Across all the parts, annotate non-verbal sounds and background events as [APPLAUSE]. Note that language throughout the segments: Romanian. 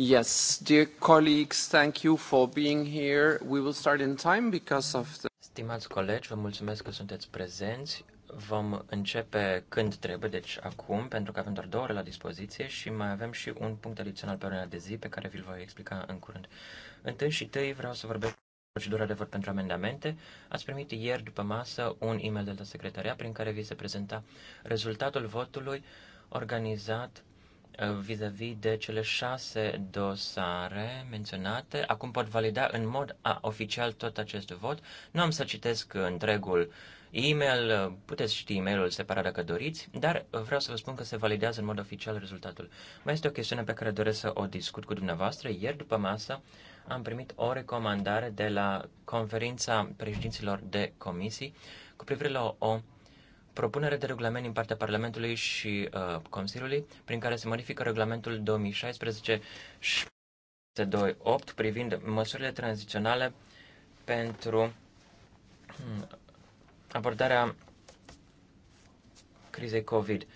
Yes, dear colleagues, thank you for being here. We will start in time because of the... Stimați colegi, vă mulțumesc că sunteți prezenți. Vom începe când trebuie, deci acum, pentru că avem doar două ore la dispoziție și mai avem și un punct adițional pe ordinea de zi pe care vi-l voi explica în curând. Întâi și tăi vreau să vorbesc procedura de vot pentru amendamente, ați primit ieri după masă un e-mail de la secretaria prin care vi se prezenta rezultatul votului organizat Uh, vis-a-vis -vis de cele șase dosare menționate. Acum pot valida în mod a, oficial tot acest vot. Nu am să citesc întregul e-mail, puteți ști e-mailul separat dacă doriți, dar vreau să vă spun că se validează în mod oficial rezultatul. Mai este o chestiune pe care doresc să o discut cu dumneavoastră. Ieri după masă am primit o recomandare de la conferința președinților de comisii cu privire la o propunere de regulament din partea Parlamentului și uh, Consiliului, prin care se modifică regulamentul 2016 28 privind măsurile tranziționale pentru hmm, abordarea crizei COVID.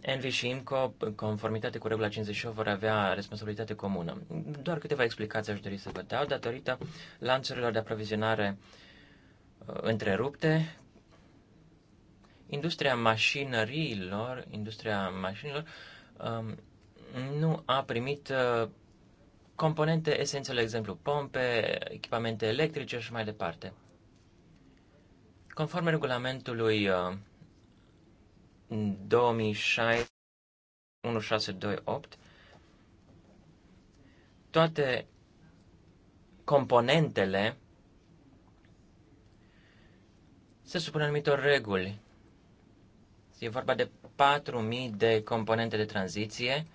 Envi și IMCO, în conformitate cu regula 58, vor avea responsabilitate comună. Doar câteva explicații aș dori să vă dau datorită lanțurilor de aprovizionare uh, întrerupte Industria mașinăriilor, industria mașinilor um, nu a primit uh, componente esențiale, exemplu, pompe, echipamente electrice și mai departe. Conform regulamentului uh, 2006 1628, toate componentele se supun anumitor reguli E vorba de 4.000 de componente de tranziție.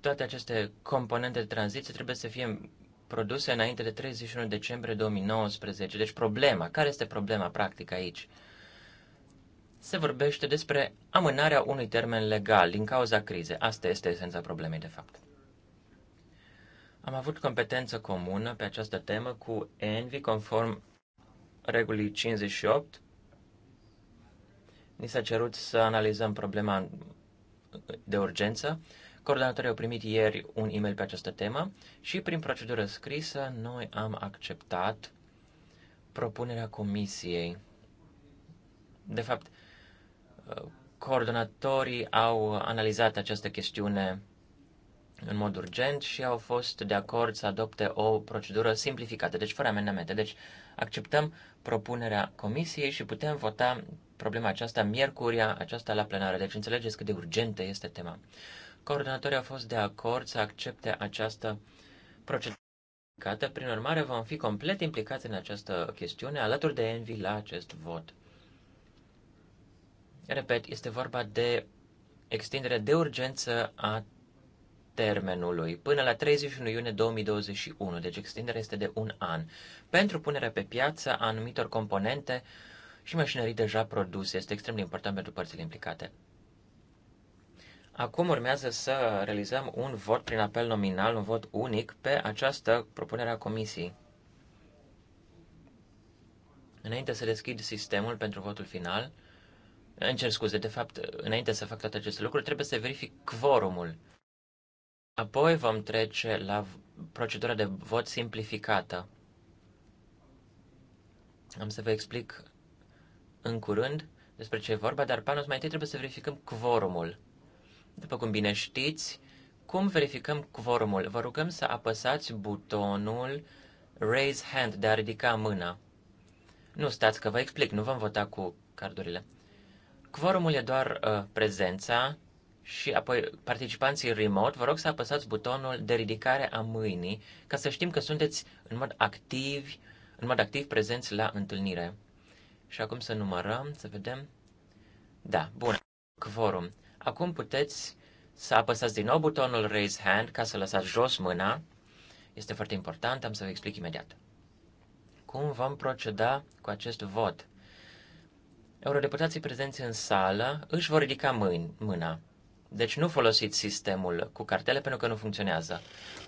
Toate aceste componente de tranziție trebuie să fie produse înainte de 31 decembrie 2019. Deci problema, care este problema practică aici? Se vorbește despre amânarea unui termen legal din cauza crizei. Asta este esența problemei, de fapt. Am avut competență comună pe această temă cu Envi, conform regulii 58, ni s-a cerut să analizăm problema de urgență. Coordonatorii au primit ieri un e-mail pe această temă și prin procedură scrisă noi am acceptat propunerea comisiei. De fapt, coordonatorii au analizat această chestiune în mod urgent și au fost de acord să adopte o procedură simplificată, deci fără amendamente. Deci acceptăm propunerea comisiei și putem vota problema aceasta miercuria aceasta la plenară. Deci înțelegeți cât de urgentă este tema. Coordonatorii au fost de acord să accepte această procedură. Prin urmare, vom fi complet implicați în această chestiune alături de Envy, la acest vot. Repet, este vorba de extindere de urgență a termenului până la 31 iunie 2021, deci extinderea este de un an, pentru punerea pe piață a anumitor componente și mașinării deja produse. Este extrem de important pentru părțile implicate. Acum urmează să realizăm un vot prin apel nominal, un vot unic pe această propunere a comisiei. Înainte să deschid sistemul pentru votul final, încerc scuze, de fapt, înainte să fac toate aceste lucruri, trebuie să verific quorumul. Apoi vom trece la procedura de vot simplificată. Am să vă explic în curând despre ce e vorba, dar Panos mai întâi trebuie să verificăm quorumul. După cum bine știți, cum verificăm quorumul? Vă rugăm să apăsați butonul Raise Hand de a ridica mâna. Nu stați că vă explic, nu vom vota cu cardurile. Quorumul e doar uh, prezența și apoi participanții remote, vă rog să apăsați butonul de ridicare a mâinii ca să știm că sunteți în mod activ, în mod activ prezenți la întâlnire. Și acum să numărăm, să vedem. Da, bun. Quorum. Acum puteți să apăsați din nou butonul Raise Hand ca să lăsați jos mâna. Este foarte important, am să vă explic imediat. Cum vom proceda cu acest vot? Eurodeputații prezenți în sală își vor ridica mâini, mâna. Deci nu folosiți sistemul cu cartele pentru că nu funcționează.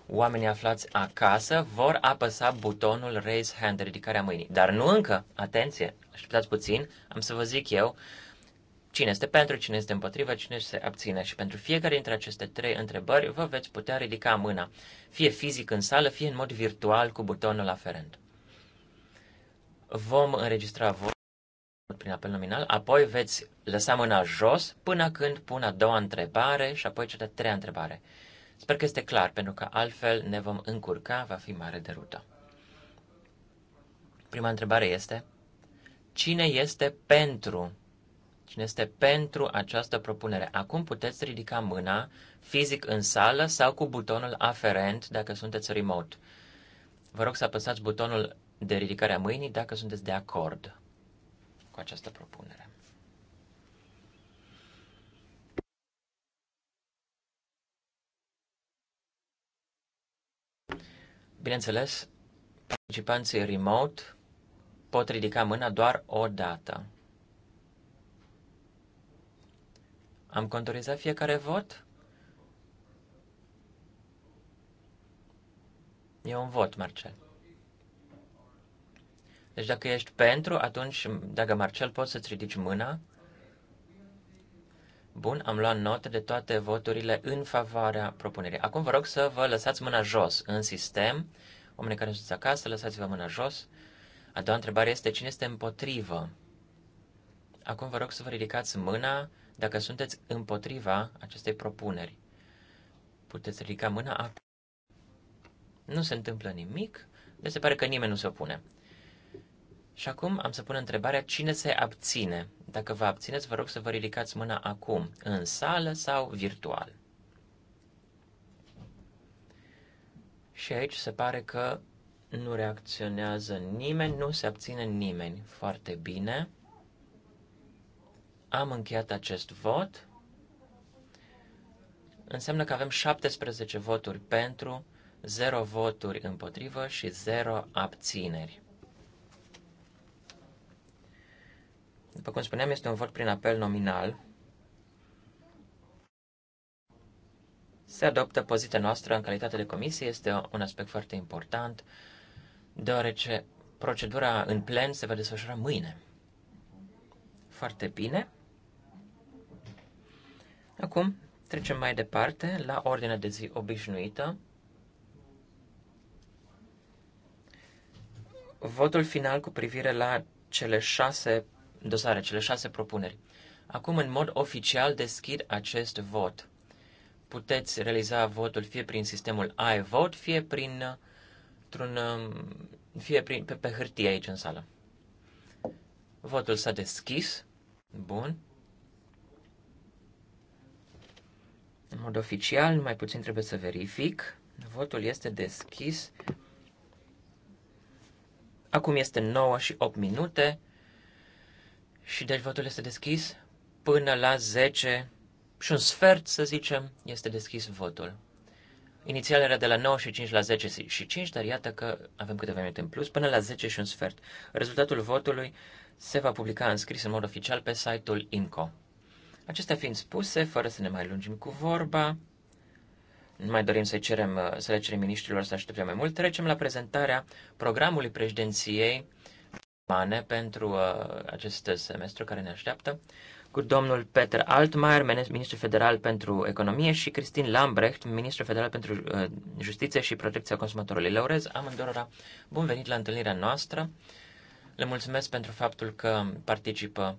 Oamenii aflați acasă vor apăsa butonul Raise Hand, ridicarea mâinii. Dar nu încă. Atenție, așteptați puțin, am să vă zic eu cine este pentru, cine este împotriva, cine se abține. Și pentru fiecare dintre aceste trei întrebări vă veți putea ridica mâna, fie fizic în sală, fie în mod virtual cu butonul aferent. Vom înregistra voi prin apel nominal, apoi veți lăsa mâna jos până când pun a doua întrebare și apoi cea de treia întrebare. Sper că este clar, pentru că altfel ne vom încurca, va fi mare derută. Prima întrebare este, cine este pentru? Cine este pentru această propunere? Acum puteți ridica mâna fizic în sală sau cu butonul aferent dacă sunteți remote. Vă rog să apăsați butonul de ridicare a mâinii dacă sunteți de acord cu această propunere. Bineînțeles, participanții remote pot ridica mâna doar o dată. Am contorizat fiecare vot? E un vot, Marcel. Deci dacă ești pentru, atunci, dacă Marcel, poți să-ți ridici mâna. Bun, am luat notă de toate voturile în favoarea propunerii. Acum vă rog să vă lăsați mâna jos în sistem. Oamenii care sunt acasă, lăsați-vă mâna jos. A doua întrebare este cine este împotrivă. Acum vă rog să vă ridicați mâna dacă sunteți împotriva acestei propuneri. Puteți ridica mâna acum. Nu se întâmplă nimic, deci se pare că nimeni nu se opune. Și acum am să pun întrebarea cine se abține. Dacă vă abțineți, vă rog să vă ridicați mâna acum, în sală sau virtual. Și aici se pare că nu reacționează nimeni, nu se abține nimeni. Foarte bine. Am încheiat acest vot. Înseamnă că avem 17 voturi pentru, 0 voturi împotrivă și 0 abțineri. După cum spuneam, este un vot prin apel nominal. Se adoptă poziția noastră în calitate de comisie, este un aspect foarte important, deoarece procedura în plen se va desfășura mâine. Foarte bine. Acum trecem mai departe la ordinea de zi obișnuită. Votul final cu privire la cele șase dosare, cele șase propuneri. Acum, în mod oficial, deschid acest vot. Puteți realiza votul fie prin sistemul iVote, fie prin un um, fie prin, pe, pe hârtie aici în sală. Votul s-a deschis. Bun. În mod oficial, mai puțin trebuie să verific. Votul este deschis. Acum este 9 și 8 minute. Și deci votul este deschis până la 10 și un sfert, să zicem, este deschis votul. Inițial era de la 9 și 5 la 10 și 5, dar iată că avem câteva minute în plus, până la 10 și un sfert. Rezultatul votului se va publica înscris în mod oficial pe site-ul INCO. Acestea fiind spuse, fără să ne mai lungim cu vorba, nu mai dorim să, cerem, să le cerem miniștrilor să așteptăm mai mult, trecem la prezentarea programului președinției germane pentru uh, acest semestru care ne așteaptă, cu domnul Peter Altmaier, ministru federal pentru economie, și Cristin Lambrecht, ministru federal pentru uh, justiție și protecția consumatorului. Le urez amândurora bun venit la întâlnirea noastră. Le mulțumesc pentru faptul că participă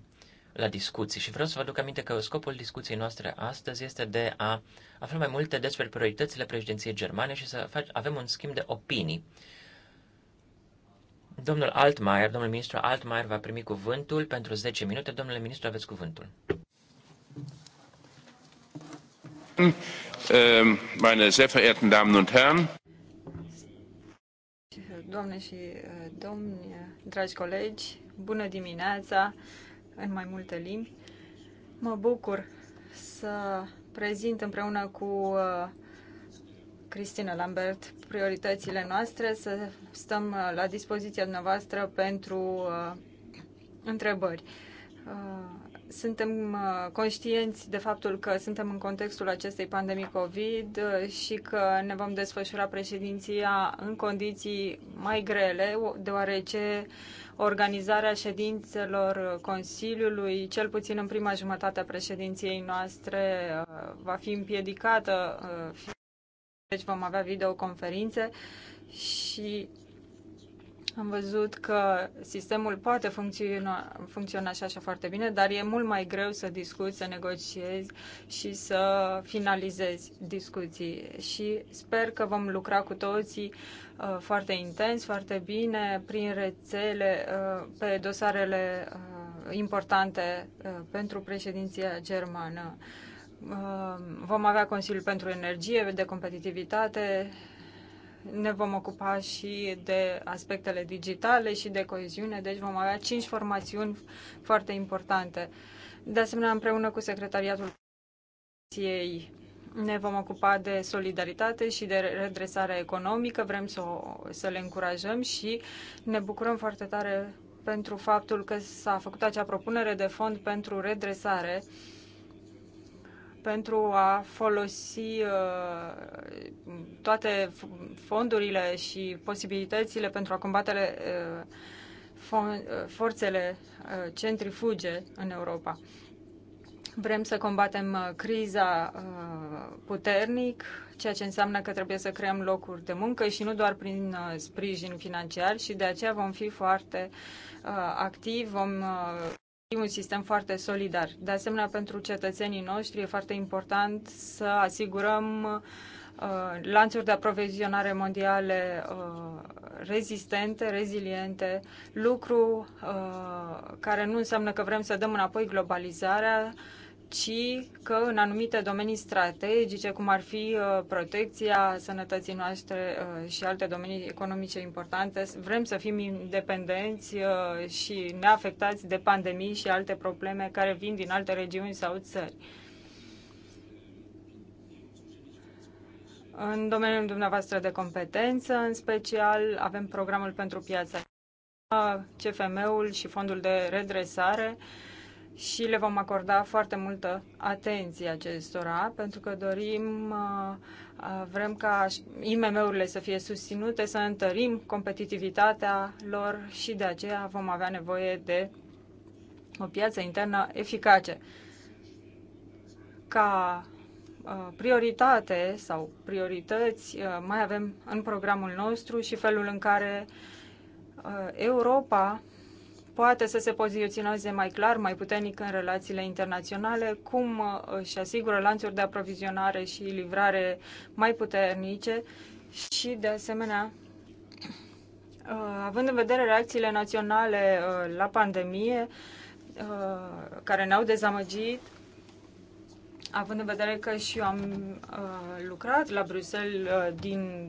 la discuții și vreau să vă aduc aminte că scopul discuției noastre astăzi este de a afla mai multe despre prioritățile președinției germane și să fac, avem un schimb de opinii Domnul Altmaier, domnul ministru Altmaier va primi cuvântul pentru 10 minute. Domnule ministru, aveți cuvântul. Ehm, meine sehr verehrten Damen und Herren, Doamne și eh, domni, dragi colegi, bună dimineața în mai multe limbi. Mă bucur să prezint împreună cu eh, Cristina Lambert prioritățile noastre, să stăm uh, la dispoziția dumneavoastră pentru uh, întrebări. Uh, suntem conștienți de faptul că suntem în contextul acestei pandemii COVID și că ne vom desfășura președinția în condiții mai grele, deoarece organizarea ședințelor Consiliului, cel puțin în prima jumătate a președinției noastre, va fi împiedicată deci vom avea videoconferințe și am văzut că sistemul poate funcționa, funcționa și așa foarte bine, dar e mult mai greu să discuți, să negociezi și să finalizezi discuții. Și sper că vom lucra cu toții uh, foarte intens, foarte bine, prin rețele, uh, pe dosarele uh, importante uh, pentru președinția germană. Uh, Uh, vom avea Consiliul pentru Energie, de competitivitate, ne vom ocupa și de aspectele digitale și de coeziune, deci vom avea cinci formațiuni foarte importante. De asemenea, împreună cu Secretariatul Comisiei ne vom ocupa de solidaritate și de redresare economică, vrem să, o, să le încurajăm și ne bucurăm foarte tare pentru faptul că s-a făcut acea propunere de fond pentru redresare pentru a folosi uh, toate fondurile și posibilitățile pentru a combate uh, uh, forțele centrifuge în Europa. Vrem să combatem criza puternic, ceea ce înseamnă că trebuie să creăm locuri de muncă și nu doar prin sprijin financiar și de aceea vom fi foarte activi, vom E un sistem foarte solidar. De asemenea, pentru cetățenii noștri e foarte important să asigurăm uh, lanțuri de aprovizionare mondiale uh, rezistente, reziliente, lucru uh, care nu înseamnă că vrem să dăm înapoi globalizarea, ci că în anumite domenii strategice, cum ar fi uh, protecția sănătății noastre uh, și alte domenii economice importante, vrem să fim independenți uh, și neafectați de pandemii și alte probleme care vin din alte regiuni sau țări. În domeniul dumneavoastră de competență, în special, avem programul pentru piața, CFM-ul și fondul de redresare, și le vom acorda foarte multă atenție acestora, pentru că dorim, uh, uh, vrem ca IMM-urile să fie susținute, să întărim competitivitatea lor și de aceea vom avea nevoie de o piață internă eficace. Ca uh, prioritate sau priorități mai avem în programul nostru și felul în care Europa poate să se poziționeze mai clar, mai puternic în relațiile internaționale, cum uh, își asigură lanțuri de aprovizionare și livrare mai puternice și, de asemenea, uh, având în vedere reacțiile naționale uh, la pandemie, care ne-au dezamăgit, având în vedere că și eu am uh, lucrat la Bruxelles uh, din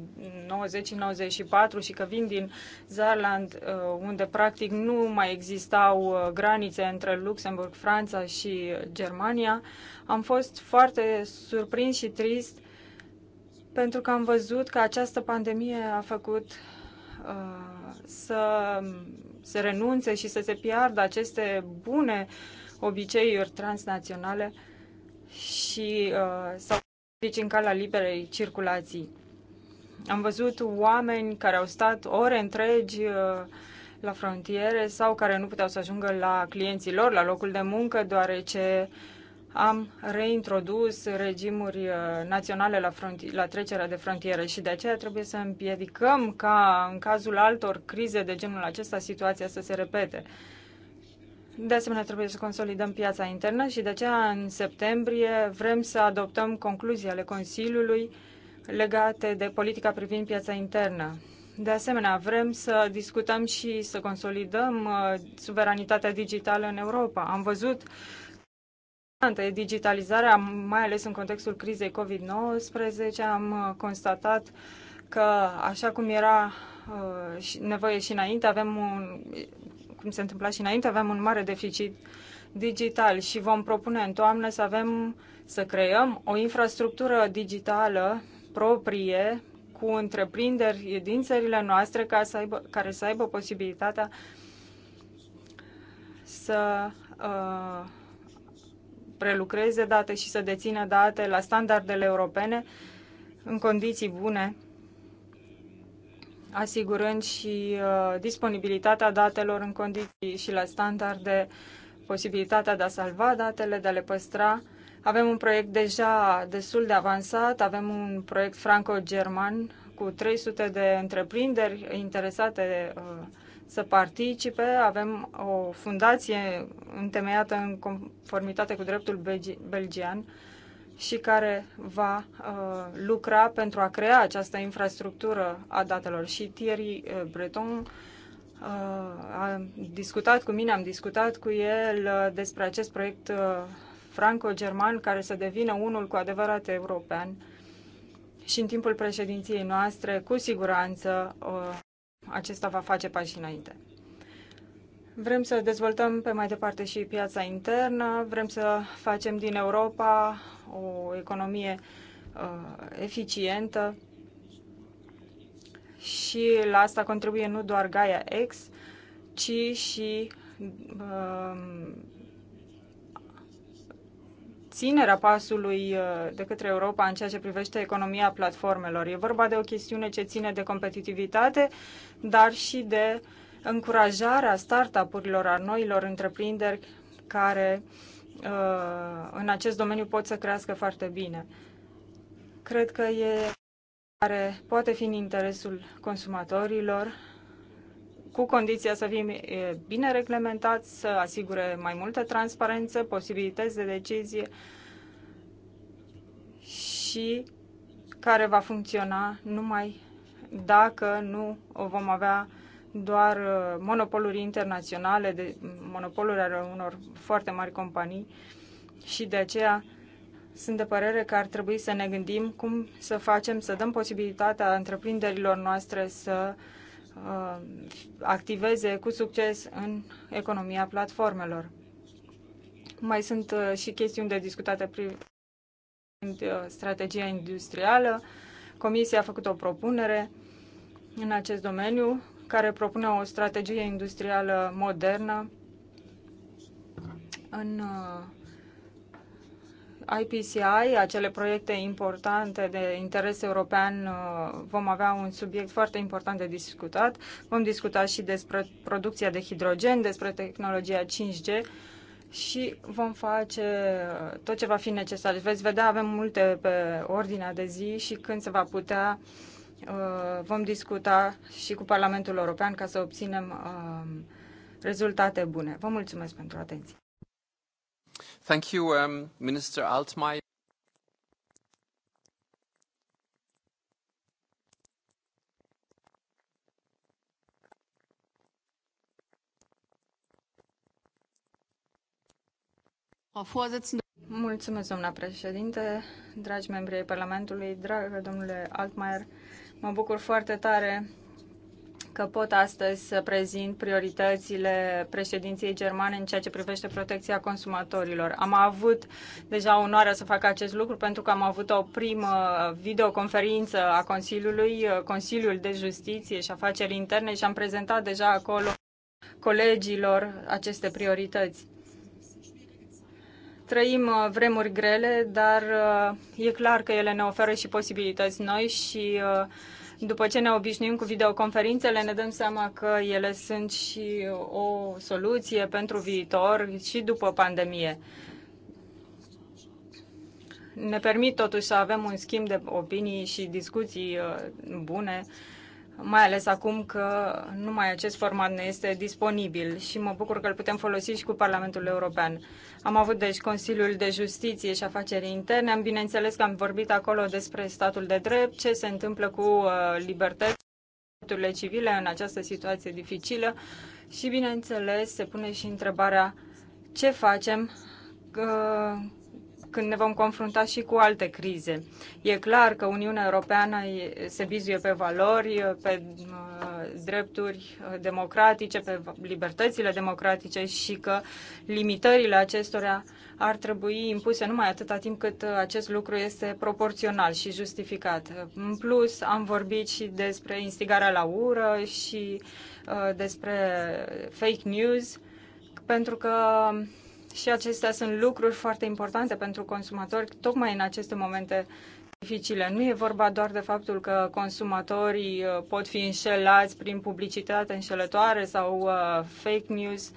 90-94 și că vin din Zarland, uh, unde practic nu mai existau uh, granițe între Luxemburg, Franța și Germania, am fost foarte surprins și trist pentru că am văzut că această pandemie a făcut uh, să se renunțe și să se piardă aceste bune obiceiuri transnaționale uh, și uh, s-au deci în calea liberei circulații. Am văzut oameni care au stat ore întregi uh, la frontiere sau care nu puteau să ajungă la clienții lor, la locul de muncă, deoarece am reintrodus regimuri uh, naționale la, fronti- la trecerea de frontiere și de aceea trebuie să împiedicăm ca în cazul altor crize de genul acesta situația să se repete. De asemenea, trebuie să consolidăm piața internă și de aceea în septembrie vrem să adoptăm concluzii ale Consiliului legate de politica privind piața internă. De asemenea, vrem să discutăm și să consolidăm uh, suveranitatea digitală în Europa. Am văzut digitalizarea, mai ales în contextul crizei COVID-19, am uh, constatat că, așa cum era uh, nevoie și înainte, avem un, cum se întâmpla și înainte, avem un mare deficit digital și vom propune în toamnă să avem, să creăm o infrastructură digitală proprie cu întreprinderi din țările noastre ca să aibă, care să aibă posibilitatea să uh, prelucreze date și să dețină date la standardele europene în condiții bune asigurând și uh, disponibilitatea datelor în condiții și la standarde, posibilitatea de a salva datele, de a le păstra. Avem un proiect deja destul de avansat, avem un proiect franco-german cu 300 de întreprinderi interesate uh, să participe. Avem o fundație întemeiată în conformitate cu dreptul belgian și care va uh, lucra pentru a crea această infrastructură a datelor. Și Thierry uh, Breton uh, a discutat cu mine, am discutat cu el uh, despre acest proiect uh, franco-german care să devină unul cu adevărat european. Și în timpul președinției noastre, cu siguranță, uh, acesta va face pași înainte. Vrem să dezvoltăm pe mai departe și piața internă, vrem să facem din Europa o economie uh, eficientă și la asta contribuie nu doar Gaia X, ci și uh, ținerea pasului uh, de către Europa în ceea ce privește economia platformelor. E vorba de o chestiune ce ține de competitivitate, dar și de uh, încurajarea startup-urilor, a noilor întreprinderi care uh, în acest domeniu pot să crească foarte bine. Cred că e care poate fi în interesul consumatorilor, cu condiția să fim bine reglementați, să asigure mai multă transparență, posibilități de decizie și care va funcționa numai dacă nu o vom avea doar uh, monopoluri internaționale, de monopoluri ale unor foarte mari companii și de aceea sunt de părere că ar trebui să ne gândim cum să facem, să dăm posibilitatea întreprinderilor noastre să uh, activeze cu succes în economia platformelor. Mai sunt uh, și chestiuni de discutate privind uh, strategia industrială. Comisia a făcut o propunere în acest domeniu care propune o strategie industrială modernă în IPCI, uh, acele proiecte importante de interes european, uh, vom avea un subiect foarte important de discutat. Vom discuta și despre producția de hidrogen, despre tehnologia 5G și vom face uh, tot ce va fi necesar. Veți vedea, avem multe pe ordinea de zi și când se va putea uh, Uh, vom discuta și cu Parlamentul European ca să obținem um, rezultate bune. Vă mulțumesc pentru atenție. Thank you, um, Minister Altmaier. Mulțumesc, doamna președinte, dragi membri ai Parlamentului, dragă domnule Altmaier. Mă bucur foarte tare că pot astăzi să prezint prioritățile președinției germane în ceea ce privește protecția consumatorilor. Am avut deja onoarea să fac acest lucru pentru că am avut o primă videoconferință a Consiliului, Consiliul de Justiție și Afaceri Interne și am prezentat deja acolo colegilor aceste priorități. Trăim uh, vremuri grele, dar uh, e clar că ele ne oferă și posibilități noi și uh, după ce ne obișnuim cu videoconferințele, ne dăm seama că ele sunt și o soluție pentru viitor și după pandemie ne permit totuși să avem un schimb de opinii și discuții bune mai ales acum că numai acest format ne este disponibil și mă bucur că îl putem folosi și cu Parlamentul European. Am avut deci Consiliul de Justiție și Afaceri Interne, am bineînțeles că am vorbit acolo despre statul de drept, ce se întâmplă cu uh, libertățile civile în această situație dificilă și bineînțeles se pune și întrebarea ce facem uh, când ne vom confrunta și cu alte crize. E clar că Uniunea Europeană se bizuie pe valori, pe uh, drepturi uh, democratice, pe libertățile democratice și că limitările acestora ar trebui impuse numai atâta timp cât uh, acest lucru este proporțional și justificat. În plus, am vorbit și despre instigarea la ură și despre fake news, pentru că și acestea sunt lucruri foarte importante pentru consumatori, tocmai în aceste momente dificile. Nu e vorba doar de faptul că consumatorii uh, pot fi înșelați prin publicitate înșelătoare sau uh, fake news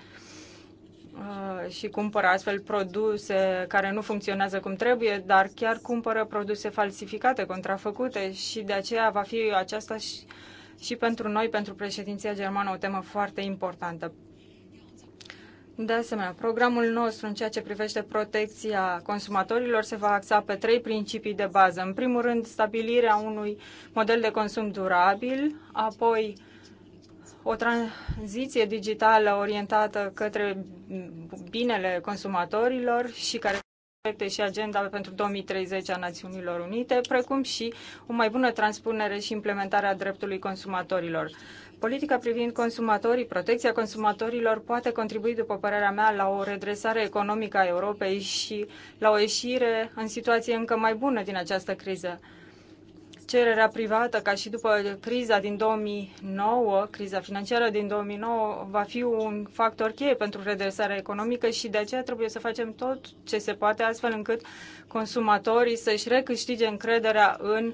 uh, și cumpără astfel produse care nu funcționează cum trebuie, dar chiar cumpără produse falsificate, contrafăcute și de aceea va fi aceasta și, și pentru noi, pentru președinția germană, o temă foarte importantă. De asemenea, programul nostru în ceea ce privește protecția consumatorilor se va axa pe trei principii de bază. În primul rând, stabilirea unui model de consum durabil, apoi o tranziție digitală orientată către binele consumatorilor și care și agenda pentru 2030 a Națiunilor Unite, precum și o mai bună transpunere și implementare a dreptului consumatorilor. Politica privind consumatorii, protecția consumatorilor poate contribui, după părerea mea, la o redresare economică a Europei și la o ieșire în situație încă mai bună din această criză. Cererea privată, ca și după criza din 2009, criza financiară din 2009, va fi un factor cheie pentru redresarea economică și de aceea trebuie să facem tot ce se poate astfel încât consumatorii să-și recâștige încrederea în uh,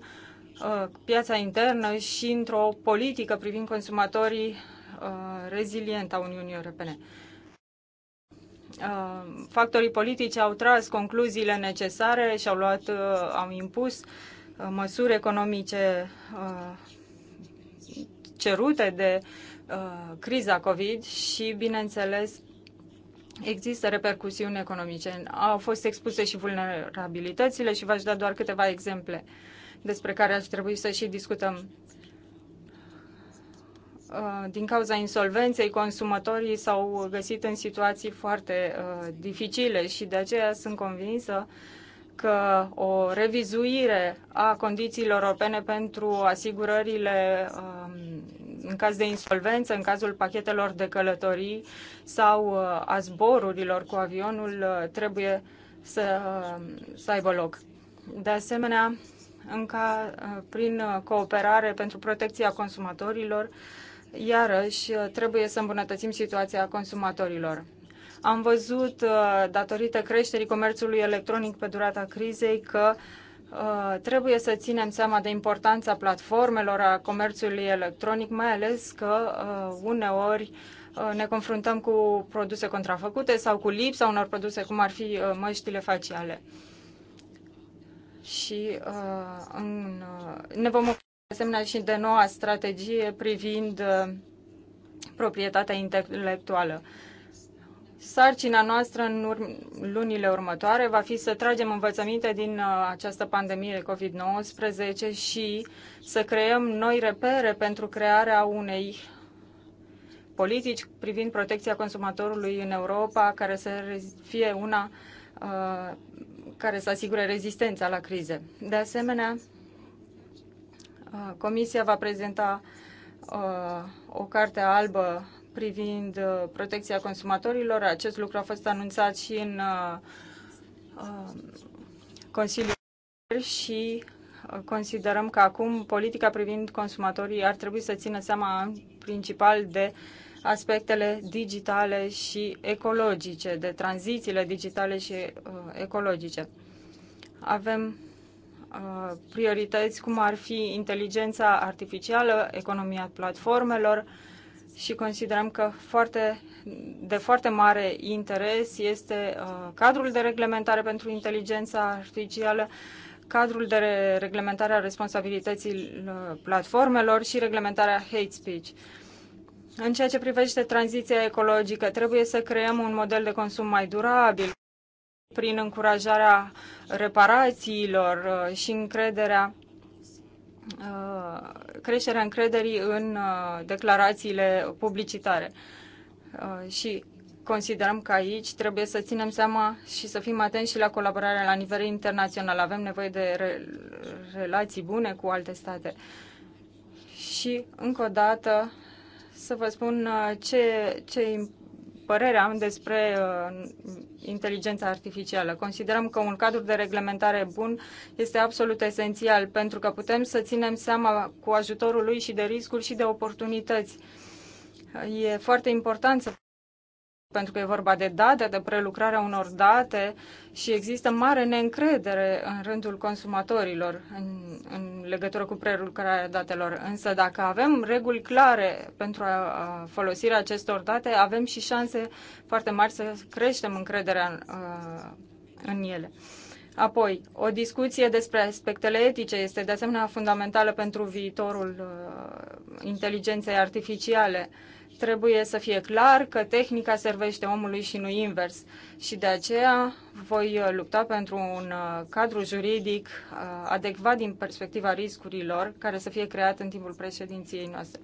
Uh, piața internă și într-o politică privind consumatorii uh, rezilientă a Uniunii Europene. Uh, factorii politici au tras concluziile necesare și au luat, au impus măsuri economice cerute de criza COVID și, bineînțeles, Există repercusiuni economice. Au fost expuse și vulnerabilitățile și v-aș da doar câteva exemple despre care ar trebui să și discutăm. Uh, din cauza insolvenței, consumatorii s-au găsit în situații foarte uh, dificile și de aceea sunt convinsă că o revizuire a condițiilor europene pentru asigurările um, în caz de insolvență, în cazul pachetelor de călătorii sau uh, a zborurilor cu avionul trebuie să, să aibă loc. De asemenea, încă uh, prin uh, cooperare pentru protecția consumatorilor, iarăși uh, trebuie să îmbunătățim situația consumatorilor. Am văzut, datorită creșterii comerțului electronic pe durata crizei, că trebuie să ținem seama de importanța platformelor a comerțului electronic, mai ales că uneori ne confruntăm cu produse contrafăcute sau cu lipsa unor produse, cum ar fi măștile faciale și uh, în, uh, ne vom ocupa asemenea și de noua strategie privind uh, proprietatea intelectuală. Sarcina noastră în urm- lunile următoare va fi să tragem învățăminte din uh, această pandemie COVID-19 și să creăm noi repere pentru crearea unei politici privind protecția consumatorului în Europa, care să fie una uh, care să asigure rezistența la crize. De asemenea, uh, Comisia va prezenta uh, o carte albă privind uh, protecția consumatorilor. Acest lucru a fost anunțat și în Consiliul și considerăm că acum politica privind consumatorii ar trebui să țină seama în principal de uh, aspectele digitale și ecologice, de tranzițiile digitale și uh, ecologice. Avem uh, priorități cum ar fi inteligența artificială, economia platformelor și considerăm că foarte, de foarte mare interes este uh, cadrul de reglementare pentru inteligența artificială, cadrul de reglementare a responsabilității uh, platformelor și reglementarea hate speech. Uh, în ceea ce privește tranziția ecologică, trebuie să creăm un model de consum mai durabil prin încurajarea reparațiilor uh, și încrederea uh, creșterea încrederii în uh, declarațiile publicitare. Și considerăm că aici trebuie să ținem seama și să fim atenți și la colaborarea la nivel internațional. Avem nevoie de re- relații bune cu alte state. Și, încă o dată, să vă spun uh, ce, ce părere am despre uh, inteligența artificială. Considerăm că un cadru de reglementare bun este absolut esențial pentru că putem să ținem seama cu ajutorul lui și de riscuri și de oportunități. E foarte important să pentru că e vorba de date, de prelucrarea unor date și există mare neîncredere în rândul consumatorilor în, în legătură cu prelucrarea datelor. Însă dacă avem reguli clare pentru a, a folosirea acestor date, avem și șanse foarte mari să creștem încrederea în, a, în ele. Apoi, o discuție despre aspectele etice este de asemenea fundamentală pentru viitorul uh, inteligenței artificiale. Uh, trebuie să fie clar că tehnica servește omului și nu invers. Și de aceea voi uh, lupta pentru un uh, cadru juridic uh, adecvat din perspectiva riscurilor care să fie creat în timpul președinției noastre.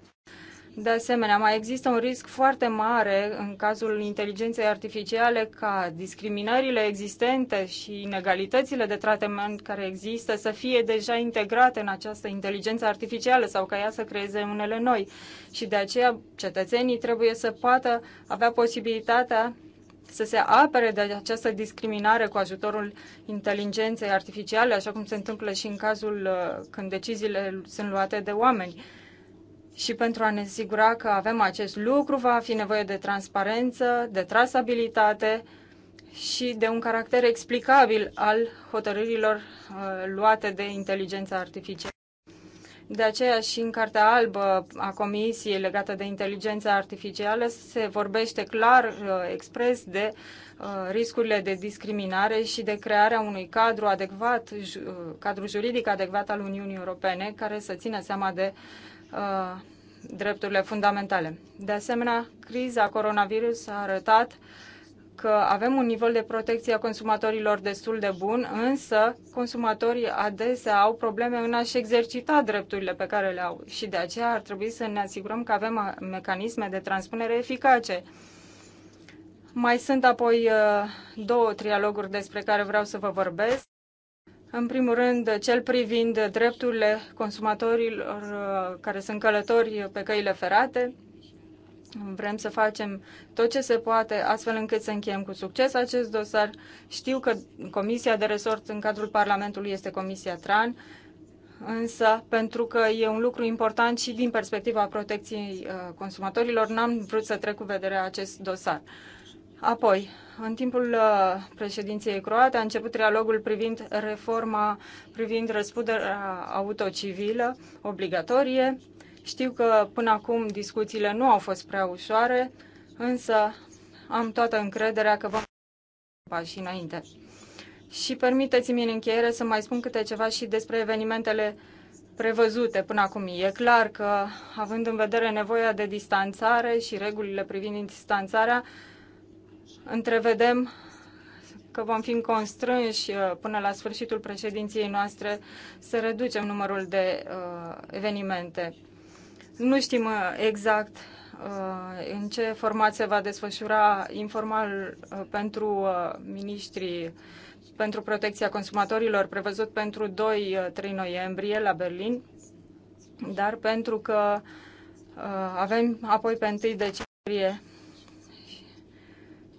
De asemenea, mai există un risc foarte mare în cazul inteligenței artificiale ca discriminările existente și inegalitățile de tratament care există să fie deja integrate în această inteligență artificială sau ca ea să creeze unele noi. Și de aceea cetățenii trebuie să poată avea posibilitatea să se apere de această discriminare cu ajutorul inteligenței artificiale, așa cum se întâmplă și în cazul uh, când deciziile sunt luate de oameni și pentru a ne asigura că avem acest lucru va fi nevoie de transparență, de trasabilitate și de un caracter explicabil al hotărârilor uh, luate de inteligența artificială. De aceea și în Cartea Albă a Comisiei legată de inteligența artificială se vorbește clar, uh, expres de uh, riscurile de discriminare și de crearea unui cadru adecvat, uh, cadru juridic adecvat al Uniunii Europene care să țină seama de uh, Uh, drepturile fundamentale. De asemenea, criza coronavirus a arătat că avem un nivel de protecție a consumatorilor destul de bun, însă consumatorii adesea au probleme în a-și exercita drepturile pe care le au și de aceea ar trebui să ne asigurăm că avem mecanisme de transpunere eficace. Mai sunt apoi uh, două trialoguri despre care vreau să vă vorbesc. În primul rând, cel privind drepturile consumatorilor uh, care sunt călători pe căile ferate. Vrem să facem tot ce se poate astfel încât să încheiem cu succes acest dosar. Știu că Comisia de Resort în cadrul Parlamentului este Comisia TRAN, însă pentru că e un lucru important și din perspectiva protecției uh, consumatorilor, n-am vrut să trec cu vederea acest dosar. Apoi, în timpul uh, președinției croate a început trialogul privind reforma, privind răspunderea autocivilă obligatorie. Știu că până acum discuțiile nu au fost prea ușoare, însă am toată încrederea că vom pași înainte. Și permiteți-mi în încheiere să mai spun câte ceva și despre evenimentele prevăzute până acum. E clar că, având în vedere nevoia de distanțare și regulile privind distanțarea, întrevedem că vom fi constrânși uh, până la sfârșitul președinției noastre să reducem numărul de uh, evenimente. Nu știm uh, exact uh, în ce format se va desfășura informal uh, pentru uh, miniștrii pentru protecția consumatorilor prevăzut pentru 2-3 uh, noiembrie la Berlin, dar pentru că uh, avem apoi pe 1 decembrie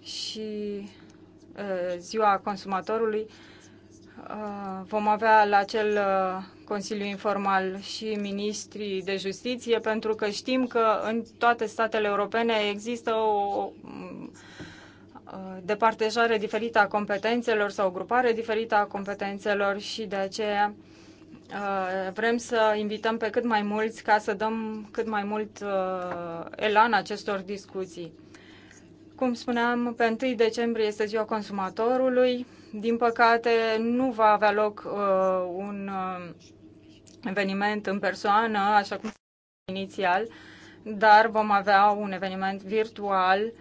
și uh, ziua consumatorului uh, vom avea la acel uh, Consiliu Informal și ministrii de justiție, pentru că știm că în toate statele europene există o departejare diferită a competențelor sau o grupare diferită a competențelor și de aceea vrem să invităm pe cât mai mulți ca să dăm cât mai mult elan acestor discuții. Cum spuneam, pe 1 decembrie este ziua consumatorului. Din păcate, nu va avea loc uh, un uh, eveniment în persoană, așa cum inițial, dar vom avea un eveniment virtual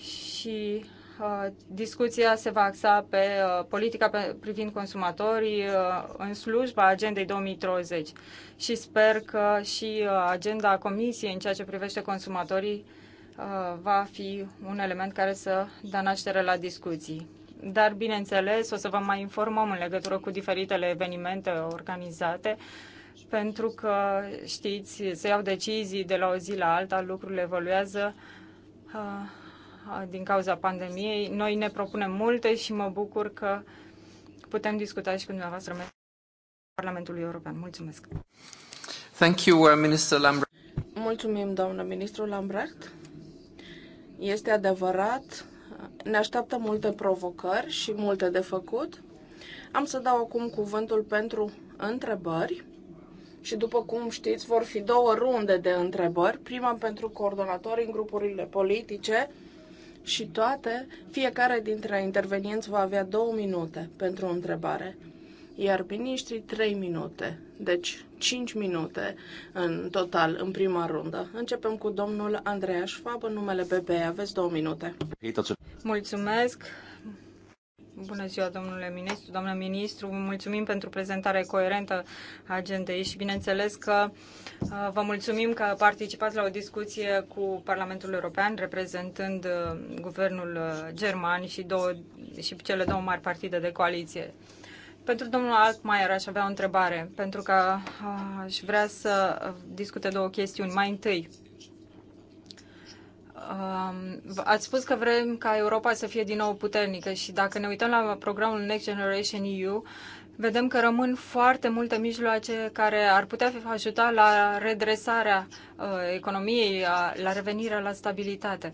și uh, discuția se va axa pe uh, politica pe, privind consumatorii uh, în slujba agendei 2030 și sper că și uh, agenda Comisiei în ceea ce privește consumatorii Uh, va fi un element care să da naștere la discuții. Dar, bineînțeles, o să vă mai informăm în legătură cu diferitele evenimente organizate, pentru că, știți, se iau decizii de la o zi la alta, lucrurile evoluează uh, din cauza pandemiei. Noi ne propunem multe și mă bucur că putem discuta și cu dumneavoastră Parlamentului European. Mulțumesc! Thank you, uh, Minister Lambert. Mulțumim, doamnă ministru Lambert. Este adevărat, ne așteaptă multe provocări și multe de făcut. Am să dau acum cuvântul pentru întrebări și după cum știți vor fi două runde de întrebări, prima pentru coordonatori în grupurile politice și toate, fiecare dintre intervenienți va avea două minute pentru o întrebare iar miniștrii 3 minute. Deci 5 minute în total în prima rundă. Începem cu domnul Andreea Schwab în numele BB. Aveți 2 minute. Mulțumesc. Bună ziua, domnule ministru, doamnă ministru. Mulțumim pentru prezentarea coerentă a agendei și bineînțeles că uh, vă mulțumim că participați la o discuție cu Parlamentul European, reprezentând uh, guvernul uh, german și, două, și cele două mari partide de coaliție. Pentru domnul Altmaier aș avea o întrebare, pentru că ah, aș vrea să discute două chestiuni. Mai întâi, ați spus că vrem ca Europa să fie din nou puternică și dacă ne uităm la programul Next Generation EU, vedem că rămân foarte multe mijloace care ar putea fi ajuta la redresarea uh, economiei, la revenirea la stabilitate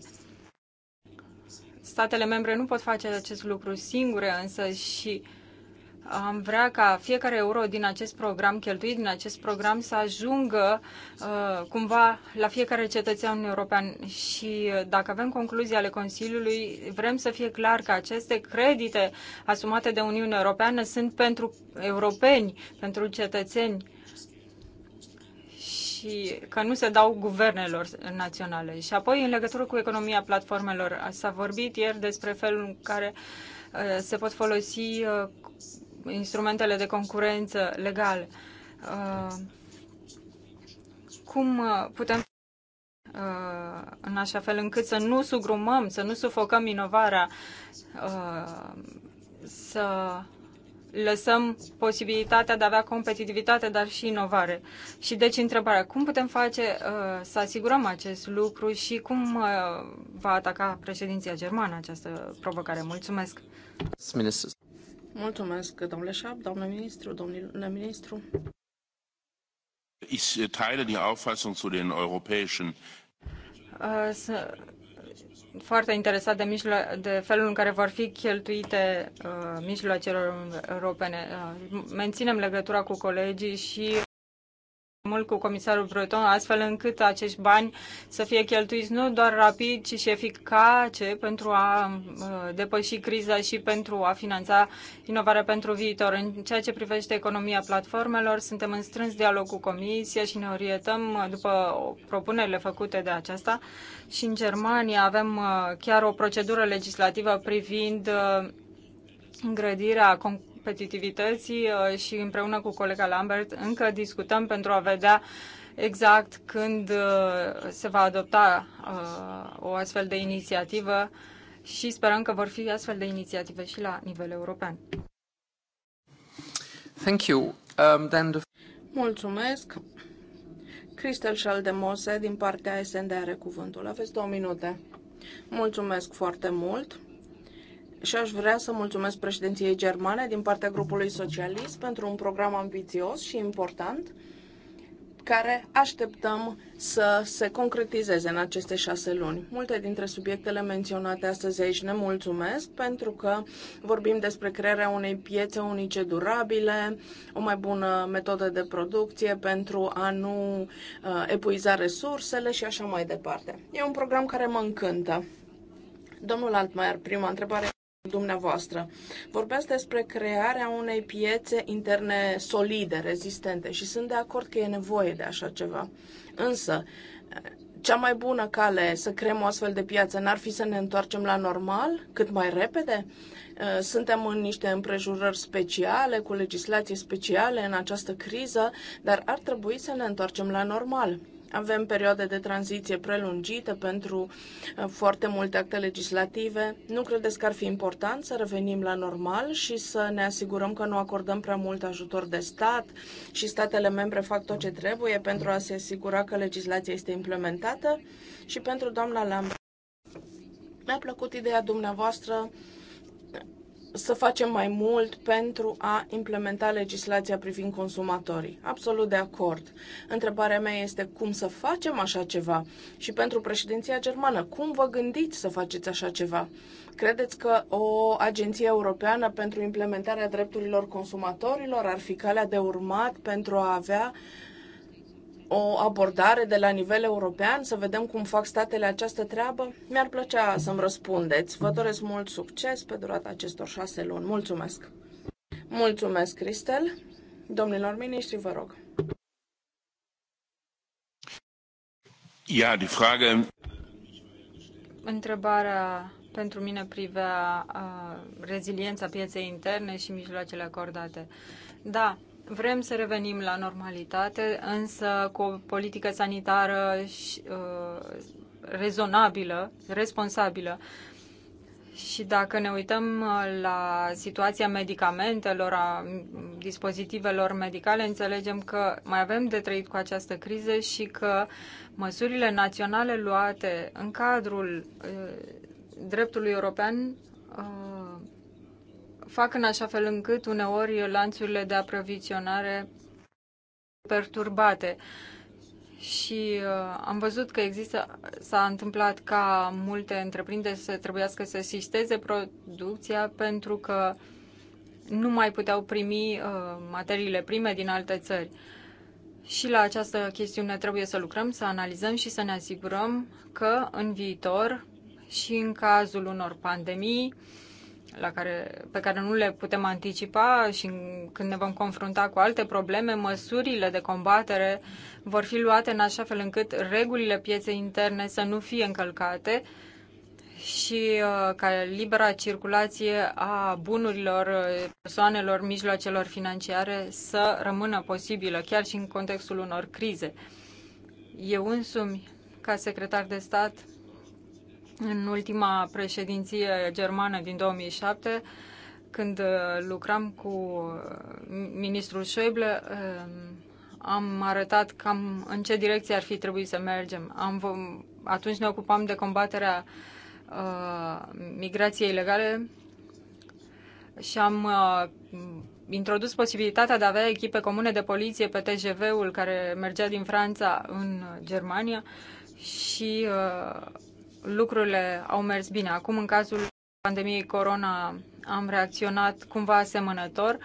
statele membre nu pot face acest lucru singure, însă și am vrea ca fiecare euro din acest program, cheltuit din acest program, să ajungă uh, cumva la fiecare cetățean european. Și uh, dacă avem concluzia ale Consiliului, vrem să fie clar că aceste credite asumate de Uniunea Europeană sunt pentru europeni, pentru cetățeni și că nu se dau guvernelor naționale. Și apoi, în legătură cu economia platformelor, s-a vorbit ieri despre felul în care uh, se pot folosi uh, instrumentele de concurență legale. Uh, cum uh, putem uh, în așa fel încât să nu sugrumăm, să nu sufocăm inovarea, să lăsăm posibilitatea de a avea competitivitate, dar și inovare. Și deci întrebarea, cum putem face să asigurăm acest lucru și cum va ataca președinția germană această provocare? Mulțumesc! Mulțumesc, domnule Șap, domnule ministru, domnule ministru. Ich äh, teile die Auffassung zu den europäischen äh, foarte interesat de, mijlo- de felul în care vor fi cheltuite uh, mijloacele europene. Uh, menținem legătura cu colegii și mult cu comisarul Breton, astfel încât acești bani să fie cheltuiți nu doar rapid, ci și eficace pentru a uh, depăși criza și pentru a finanța inovarea pentru viitor. În ceea ce privește economia platformelor, suntem în strâns dialog cu Comisia și ne orientăm uh, după propunerile făcute de aceasta. Și în Germania avem uh, chiar o procedură legislativă privind îngrădirea concurenței competitivității uh, și împreună cu colega Lambert încă discutăm pentru a vedea exact când uh, se va adopta uh, o astfel de inițiativă și sperăm că vor fi astfel de inițiative și la nivel european. Thank you. Um, then the... Mulțumesc. Cristel Șaldemose din partea SND are cuvântul. Aveți două minute. Mulțumesc foarte mult și aș vrea să mulțumesc președinției germane din partea grupului socialist pentru un program ambițios și important care așteptăm să se concretizeze în aceste șase luni. Multe dintre subiectele menționate astăzi aici ne mulțumesc pentru că vorbim despre crearea unei piețe unice durabile, o mai bună metodă de producție pentru a nu uh, epuiza resursele și așa mai departe. E un program care mă încântă. Domnul Altmaier, prima întrebare dumneavoastră. Vorbesc despre crearea unei piețe interne solide, rezistente și sunt de acord că e nevoie de așa ceva. Însă, cea mai bună cale să creăm o astfel de piață n-ar fi să ne întoarcem la normal cât mai repede? Uh, suntem în niște împrejurări speciale, cu legislații speciale în această criză, dar ar trebui să ne întoarcem la normal. Avem perioade de tranziție prelungite pentru uh, foarte multe acte legislative. Nu credeți că ar fi important să revenim la normal și să ne asigurăm că nu acordăm prea mult ajutor de stat și statele membre fac tot ce trebuie pentru a se asigura că legislația este implementată? Și pentru doamna Lambert, mi-a plăcut ideea dumneavoastră să facem mai mult pentru a implementa legislația privind consumatorii. Absolut de acord. Întrebarea mea este cum să facem așa ceva și pentru președinția germană, cum vă gândiți să faceți așa ceva? Credeți că o agenție europeană pentru implementarea drepturilor consumatorilor ar fi calea de urmat pentru a avea o abordare de la nivel european, să vedem cum fac statele această treabă? Mi-ar plăcea să-mi răspundeți. Vă doresc mult succes pe durata acestor șase luni. Mulțumesc! Mulțumesc, Cristel. Domnilor miniștri, vă rog. Ja, die Frage... Întrebarea pentru mine privea uh, reziliența pieței interne și mijloacele acordate. Da, Vrem să revenim la normalitate, însă cu o politică sanitară și, uh, rezonabilă, responsabilă. Și dacă ne uităm uh, la situația medicamentelor, a dispozitivelor medicale, înțelegem că mai avem de trăit cu această criză și că măsurile naționale luate în cadrul uh, dreptului european uh, fac în așa fel încât uneori lanțurile de aprovizionare perturbate. Și uh, am văzut că există, s-a întâmplat ca multe întreprinderi să trebuiască să sisteze producția pentru că nu mai puteau primi uh, materiile prime din alte țări. Și la această chestiune trebuie să lucrăm, să analizăm și să ne asigurăm că în viitor și în cazul unor pandemii, uh, la care, pe care nu le putem anticipa și când ne vom confrunta cu alte probleme, măsurile de combatere vor fi luate în așa fel încât regulile pieței interne să nu fie încălcate și uh, ca libera circulație a bunurilor, uh, persoanelor, mijloacelor financiare să rămână posibilă, chiar și în contextul unor crize. Eu însumi, ca secretar de stat, în ultima președinție germană din 2007, când uh, lucram cu uh, ministrul Schäuble, uh, am arătat cam în ce direcție ar fi trebuit să mergem. Am, atunci ne ocupam de combaterea uh, migrației ilegale și am uh, introdus posibilitatea de a avea echipe comune de poliție pe TGV-ul care mergea din Franța în Germania și uh, lucrurile au mers bine. Acum, în cazul pandemiei corona, am reacționat cumva asemănător,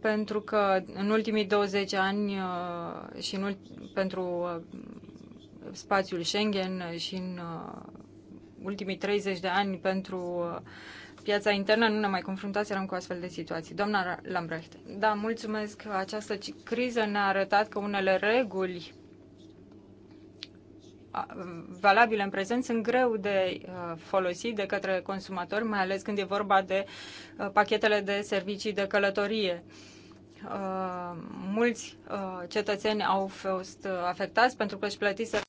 pentru că în ultimii 20 ani uh, și în, pentru uh, spațiul Schengen și în uh, ultimii 30 de ani pentru piața internă, nu ne mai confruntați eram cu astfel de situații. Doamna Lambrecht, da, mulțumesc. Această criză ne-a arătat că unele reguli valabile în prezent sunt greu de uh, folosit de către consumatori, mai ales când e vorba de uh, pachetele de servicii de călătorie. Uh, mulți cetățeni au fost afectați pentru că își plătise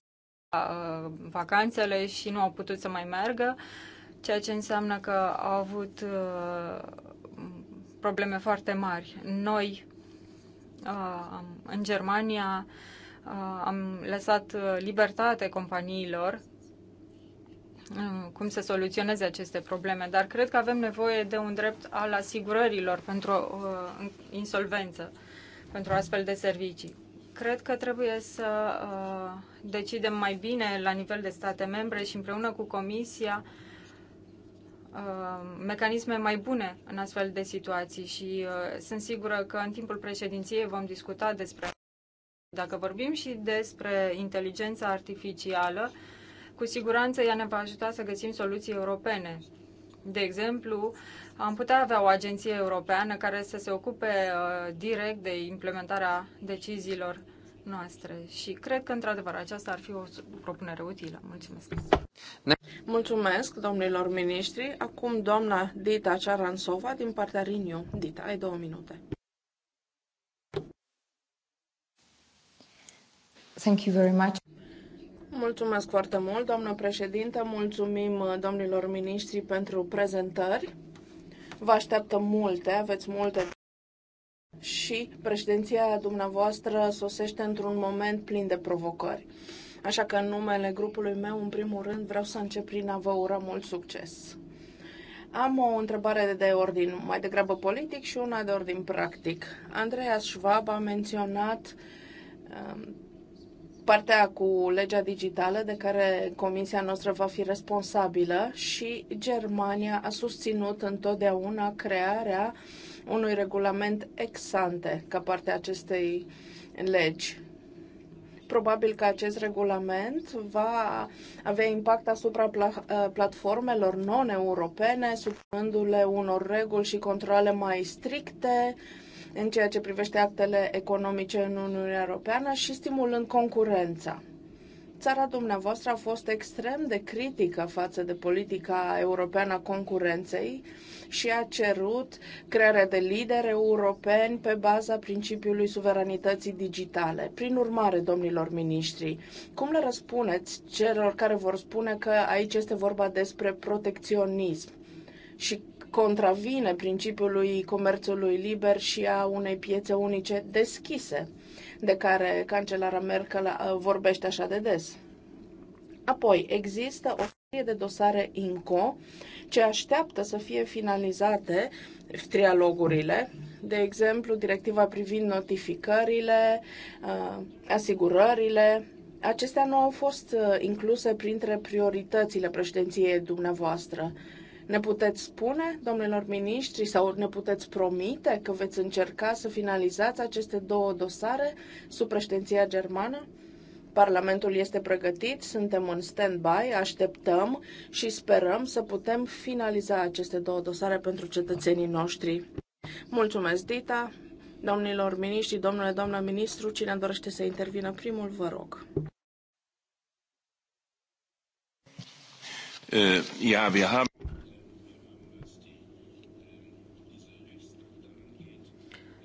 vacanțele și nu au putut să mai meargă, ceea ce înseamnă că au avut probleme foarte mari. Noi, în Germania, Uh, am lăsat uh, libertate companiilor uh, cum să soluționeze aceste probleme, dar cred că avem nevoie de un drept al asigurărilor pentru uh, insolvență, pentru astfel de servicii. Cred că trebuie să uh, decidem mai bine la nivel de state membre și împreună cu Comisia uh, mecanisme mai bune în astfel de situații și uh, sunt sigură că în timpul președinției vom discuta despre dacă vorbim și despre inteligența artificială, cu siguranță ea ne va ajuta să găsim soluții europene. De exemplu, am putea avea o agenție europeană care să se ocupe uh, direct de implementarea deciziilor noastre și cred că, într-adevăr, aceasta ar fi o propunere utilă. Mulțumesc! Mulțumesc, domnilor miniștri. Acum, doamna Dita Cearansova, din partea Riniu. Dita, ai două minute. Thank you very much. Mulțumesc foarte mult, doamnă președintă. Mulțumim uh, domnilor miniștri pentru prezentări. Vă așteaptă multe, aveți multe și președinția dumneavoastră sosește într-un moment plin de provocări. Așa că în numele grupului meu, în primul rând, vreau să încep prin a vă ura mult succes. Am o întrebare de ordin mai degrabă politic și una de ordin practic. Andreas Schwab a menționat um, partea cu legea digitală de care comisia noastră va fi responsabilă și Germania a susținut întotdeauna crearea unui regulament ex ante ca parte a acestei legi. Probabil că acest regulament va avea impact asupra uh, platformelor non-europene, supunându-le unor reguli și controle mai stricte, în ceea ce privește actele economice în Uniunea Europeană și stimulând concurența. Țara dumneavoastră a fost extrem de critică față de politica europeană a concurenței și a cerut crearea de lideri europeni pe baza principiului suveranității digitale. Prin urmare, domnilor miniștri, cum le răspuneți celor care vor spune că aici este vorba despre protecționism? Și contravine principiului comerțului liber și a unei piețe unice deschise, de care cancelara Merkel uh, vorbește așa de des. Apoi, există o serie de dosare INCO ce așteaptă să fie finalizate trialogurile, de exemplu, directiva privind notificările, uh, asigurările. Acestea nu au fost uh, incluse printre prioritățile președinției dumneavoastră. Ne puteți spune, domnilor miniștri, sau ne puteți promite că veți încerca să finalizați aceste două dosare sub președinția germană? Parlamentul este pregătit, suntem în stand-by, așteptăm și sperăm să putem finaliza aceste două dosare pentru cetățenii noștri. Mulțumesc, Dita! Domnilor miniștri, domnule, doamna ministru, cine dorește să intervină primul, vă rog. Eh, ja, wir haben...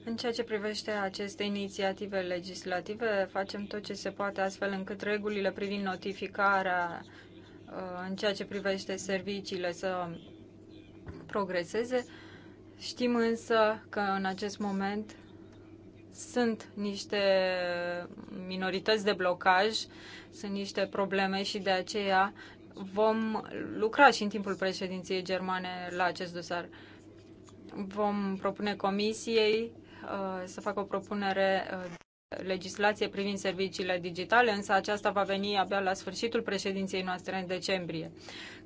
În ceea ce privește aceste inițiative legislative, facem tot ce se poate astfel încât regulile privind notificarea uh, în ceea ce privește serviciile să progreseze. Știm însă că în acest moment sunt niște minorități de blocaj, sunt niște probleme și de aceea vom lucra și în timpul președinției germane la acest dosar. Vom propune comisiei Uh, să facă o propunere uh, legislație privind serviciile digitale, însă aceasta va veni abia la sfârșitul președinției noastre în decembrie.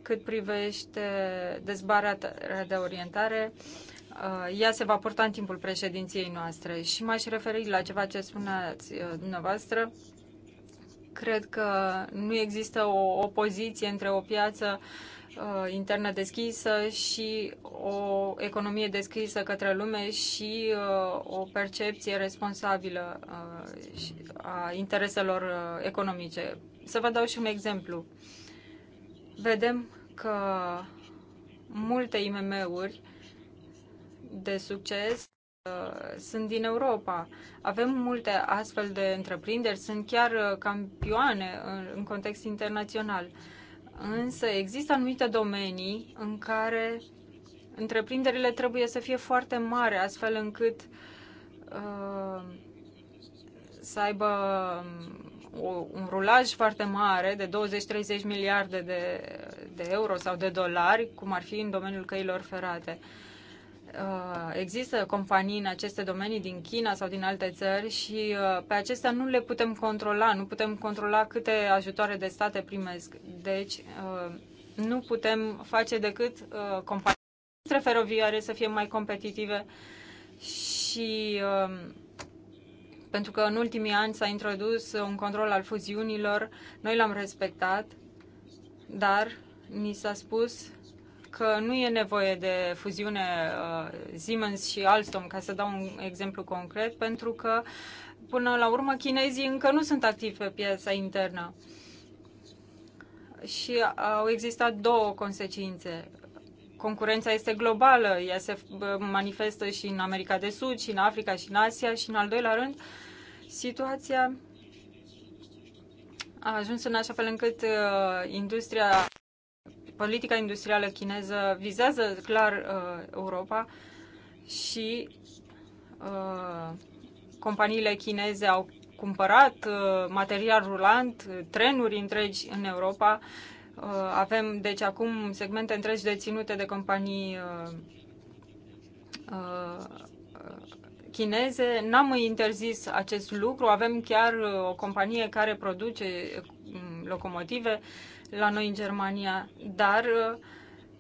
Cât privește dezbarea de orientare, uh, ea se va purta în timpul președinției noastre și m-aș referi la ceva ce spuneați dumneavoastră. Cred că nu există o opoziție între o piață uh, Uh, internă deschisă și o economie deschisă către lume și uh, o percepție responsabilă uh, a intereselor economice. Să vă dau și un exemplu. Vedem că multe IMM-uri de succes sunt din Europa. Avem multe astfel de întreprinderi, sunt chiar campioane în context internațional. Însă există anumite domenii în care întreprinderile trebuie să fie foarte mari, astfel încât uh, să aibă um, o, un rulaj foarte mare de 20-30 miliarde de, de euro sau de dolari, cum ar fi în domeniul căilor ferate. Uh, Uh, există companii în aceste domenii din China sau din alte țări și uh, pe acestea nu le putem controla, nu putem controla câte ajutoare de state primesc. Deci uh, nu putem face decât companii feroviare să fie mai competitive și um, pentru că în ultimii ani s-a introdus un control al fuziunilor, noi l-am respectat, dar ni s-a spus că nu e nevoie de fuziune uh, Siemens și Alstom, ca să dau un exemplu concret, pentru că până la urmă chinezii încă nu sunt activi pe piața internă. Și au existat două consecințe. Concurența este globală, ea se manifestă și în America de Sud, și în Africa, și în Asia, și în al doilea rând, situația a ajuns în așa fel încât uh, industria politica industrială chineză vizează clar uh, Europa și uh, companiile chineze au cumpărat uh, material rulant, trenuri întregi în Europa. Uh, avem, deci, acum segmente întregi deținute de companii uh, uh, chineze. N-am interzis acest lucru. Avem chiar uh, o companie care produce um, locomotive uh, la noi în Germania, dar uh,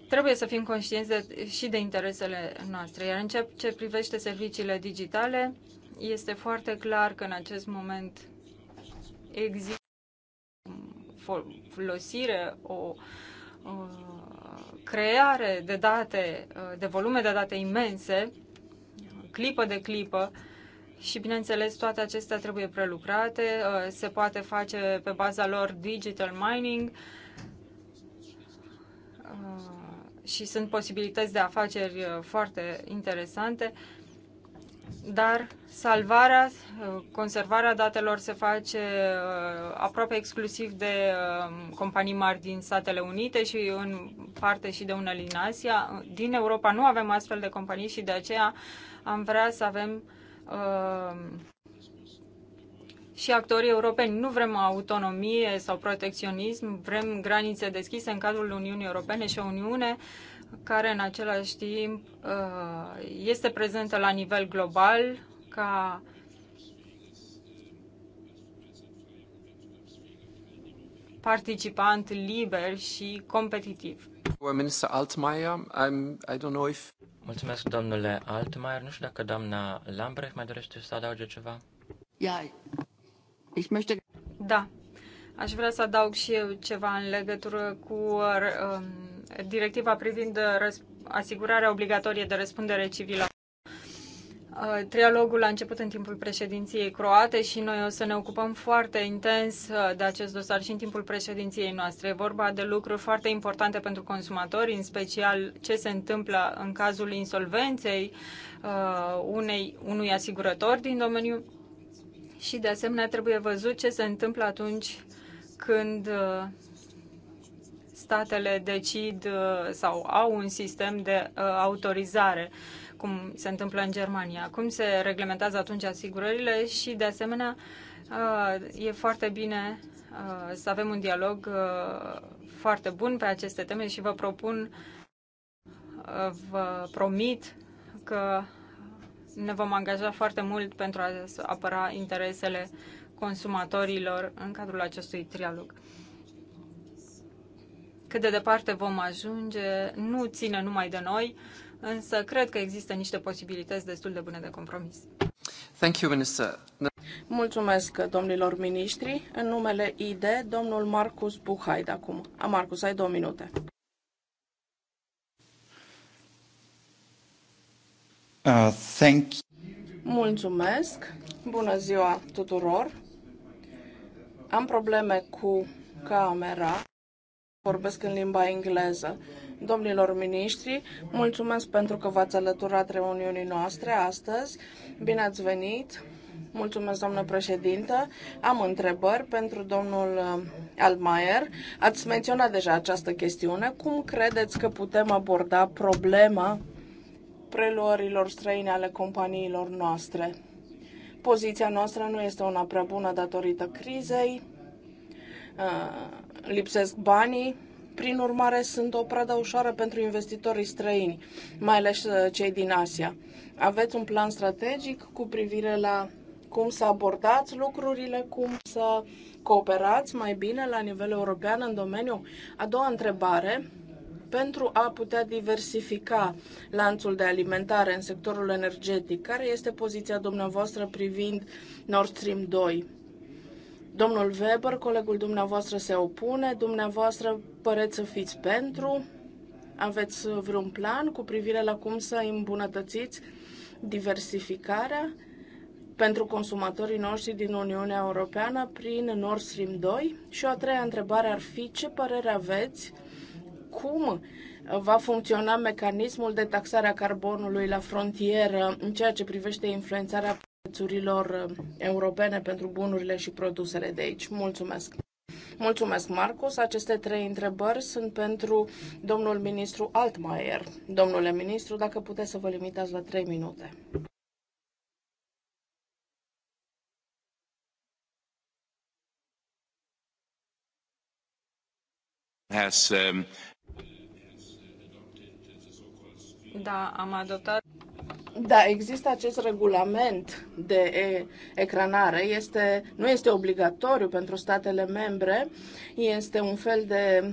trebuie să fim conștienți de, și de interesele noastre. Iar în ceea ce privește serviciile digitale, este foarte clar că în acest moment există folosire, o, o uh, creare de date, uh, de volume de date imense, clipă de clipă, și, bineînțeles, toate acestea trebuie prelucrate. Uh, se poate face pe baza lor digital mining uh, și sunt posibilități de afaceri uh, foarte interesante, dar salvarea, conservarea datelor se face aproape exclusiv de companii mari din Statele Unite și în parte și de unele din Asia. Din Europa nu avem astfel de companii și de aceea am vrea să avem Ehm, și actorii europeni. Nu vrem autonomie sau protecționism, vrem granițe deschise în cadrul Uniunii Europene și o Uniune care în același timp eh, este prezentă la nivel global ca participant liber și competitiv. Minister Altmaier, I'm, I don't know if... Mulțumesc, domnule Altmaier. Nu știu dacă doamna Lambrecht mai dorește să adauge ceva. Da, aș vrea să adaug și eu ceva în legătură cu um, directiva privind asigurarea obligatorie de răspundere civilă. Uh, trialogul a început în timpul președinției croate și noi o să ne ocupăm foarte intens uh, de acest dosar și în timpul președinției noastre. E vorba de lucruri foarte importante pentru consumatori, în special ce se întâmplă în cazul insolvenței uh, unei, unui asigurător din domeniu și de asemenea trebuie văzut ce se întâmplă atunci când statele decid sau au un sistem de autorizare cum se întâmplă în Germania. Cum se reglementează atunci asigurările și, de asemenea, uh, e foarte bine uh, să avem un dialog uh, foarte bun pe aceste teme și vă propun, vă promit că ne vom angaja foarte mult pentru a apăra interesele consumatorilor în cadrul acestui trialog. Cât de departe vom ajunge nu ține numai de noi, însă cred că există niște posibilități destul de bune de compromis. Thank you, Minister. Mulțumesc, domnilor miniștri. În numele ID, domnul Marcus Buhaid acum. Marcus, ai două minute. Uh, thank Mulțumesc. Bună ziua tuturor. Am probleme cu camera. Vorbesc în limba engleză. Domnilor miniștri, mulțumesc pentru că v-ați alăturat reuniunii noastre astăzi. Bine ați venit! Mulțumesc, doamnă președintă. Am întrebări pentru domnul uh, Almaier. Ați menționat deja această chestiune. Cum credeți că putem aborda problema preluărilor străine ale companiilor noastre? Poziția noastră nu este una prea bună datorită crizei. Uh, lipsesc banii prin urmare, sunt o pradă ușoară pentru investitorii străini, mai ales uh, cei din Asia. Aveți un plan strategic cu privire la cum să abordați lucrurile, cum să cooperați mai bine la nivel european în domeniu? A doua întrebare, pentru a putea diversifica lanțul de alimentare în sectorul energetic, care este poziția dumneavoastră privind Nord Stream 2? Domnul Weber, colegul dumneavoastră se opune, dumneavoastră păreți să fiți pentru. Aveți vreun plan cu privire la cum să îmbunătățiți diversificarea pentru consumatorii noștri din Uniunea Europeană prin Nord Stream 2? Și o a treia întrebare ar fi ce părere aveți cum va funcționa mecanismul de taxare a carbonului la frontieră în ceea ce privește influențarea prețurilor uh, europene pentru bunurile și produsele de aici. Mulțumesc! Mulțumesc, Marcus. Aceste trei întrebări sunt pentru domnul ministru Altmaier. Domnule ministru, dacă puteți să vă limitați la trei minute. Has, um... Da, am adoptat da, există acest regulament de ecranare. Este, nu este obligatoriu pentru statele membre, este un fel de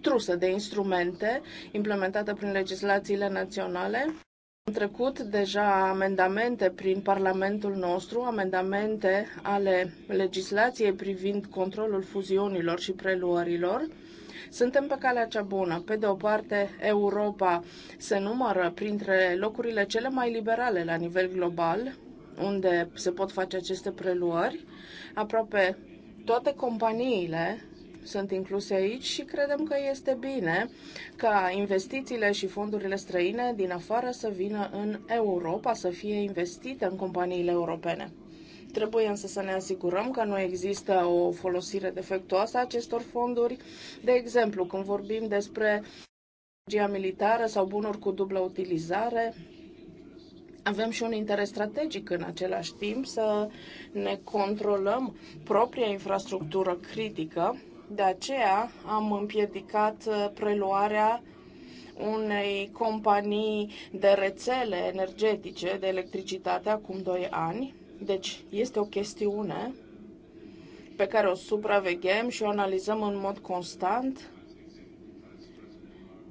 trusă de instrumente implementată prin legislațiile naționale. Am trecut deja amendamente prin Parlamentul nostru, amendamente ale legislației privind controlul fuziunilor și preluărilor suntem pe calea cea bună. Pe de o parte, Europa se numără printre locurile cele mai liberale la nivel global, unde se pot face aceste preluări. Aproape toate companiile sunt incluse aici și credem că este bine ca investițiile și fondurile străine din afară să vină în Europa, să fie investite în companiile europene. Trebuie însă să ne asigurăm că nu există o folosire defectuoasă a acestor fonduri. De exemplu, când vorbim despre energia militară sau bunuri cu dublă utilizare, avem și un interes strategic în același timp să ne controlăm propria infrastructură critică. De aceea am împiedicat uh, preluarea unei companii de rețele energetice de electricitate acum 2 ani, deci, este o chestiune pe care o supraveghem și o analizăm în mod constant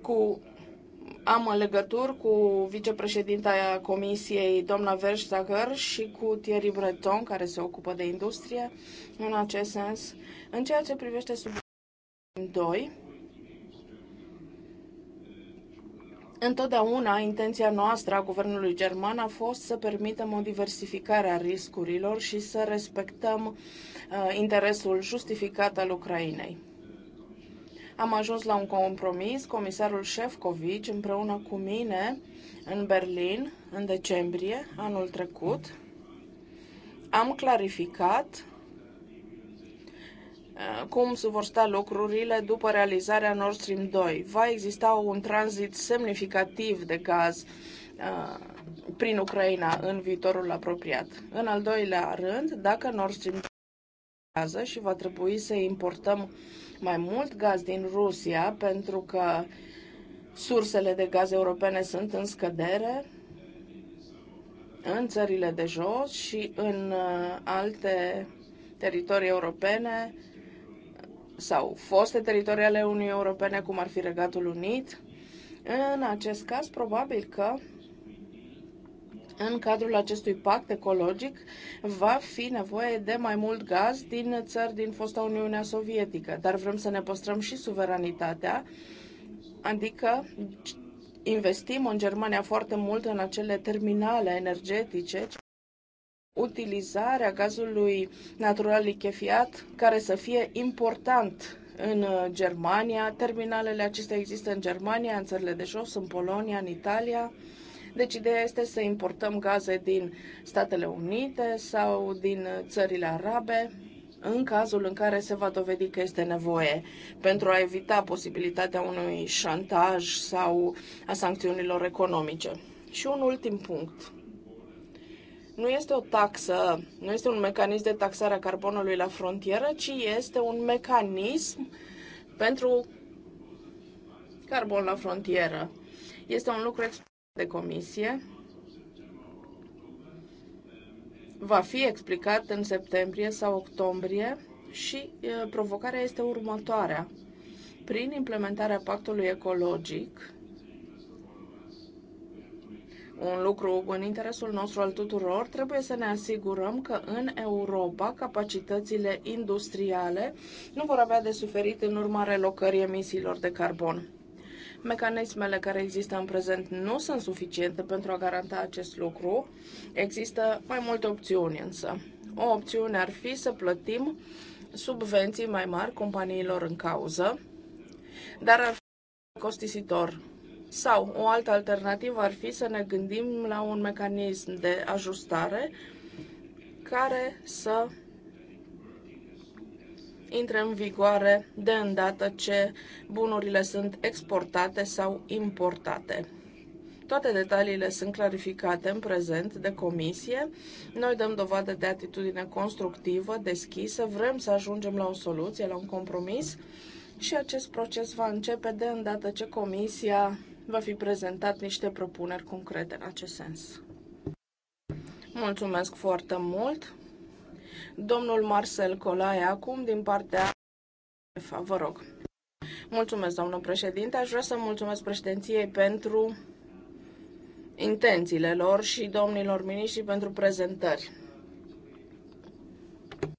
cu am în legături cu vicepreședinta Comisiei, doamna Verstager, și cu Thierry Breton, care se ocupă de industrie, în acest sens. În ceea ce privește subiectul 2, Întotdeauna, intenția noastră a guvernului german a fost să permitem o diversificare a riscurilor și să respectăm uh, interesul justificat al Ucrainei. Am ajuns la un compromis, comisarul Șefcovic, împreună cu mine în Berlin în decembrie anul trecut. Am clarificat Eh, cum se vor sta lucrurile după realizarea Nord Stream 2. Va exista un tranzit semnificativ de gaz eh, prin Ucraina în viitorul apropiat. În al doilea rând, dacă Nord Stream gazează și va trebui să importăm mai mult gaz din Rusia pentru că sursele de gaz europene sunt în scădere în țările de jos și în eh, alte teritorii europene sau foste teritorii ale Uniunii Europene, cum ar fi Regatul Unit. În acest caz, probabil că în cadrul acestui pact ecologic va fi nevoie de mai mult gaz din țări din fosta Uniunea Sovietică, dar vrem să ne păstrăm și suveranitatea, adică investim în Germania foarte mult în acele terminale energetice utilizarea gazului natural lichefiat care să fie important în uh, Germania. Terminalele acestea există în Germania, în țările de jos, în Polonia, în Italia. Deci ideea este să importăm gaze din Statele Unite sau din uh, țările arabe în cazul în care se va dovedi că este nevoie pentru a evita posibilitatea unui șantaj sau a sancțiunilor economice. Și un ultim punct nu este o taxă, nu este un mecanism de taxare a carbonului la frontieră, ci este un mecanism pentru carbon la frontieră. Este un lucru de comisie. Va fi explicat în septembrie sau octombrie și uh, provocarea este următoarea. Prin implementarea pactului ecologic, un lucru în interesul nostru al tuturor, trebuie să ne asigurăm că în Europa capacitățile industriale nu vor avea de suferit în urma relocării emisiilor de carbon. Mecanismele care există în prezent nu sunt suficiente pentru a garanta acest lucru. Există mai multe opțiuni însă. O opțiune ar fi să plătim subvenții mai mari companiilor în cauză, dar ar fi costisitor sau o altă alternativă ar fi să ne gândim la un mecanism de ajustare care să intre în vigoare de îndată ce bunurile sunt exportate sau importate. Toate detaliile sunt clarificate în prezent de comisie. Noi dăm dovadă de atitudine constructivă, deschisă, vrem să ajungem la o soluție, la un compromis și acest proces va începe de îndată ce comisia va fi prezentat niște propuneri concrete în acest sens. Mulțumesc foarte mult! Domnul Marcel Colae acum din partea Vă rog. Mulțumesc, domnul președinte. Aș vrea să mulțumesc președinției pentru intențiile lor și domnilor miniștri pentru prezentări.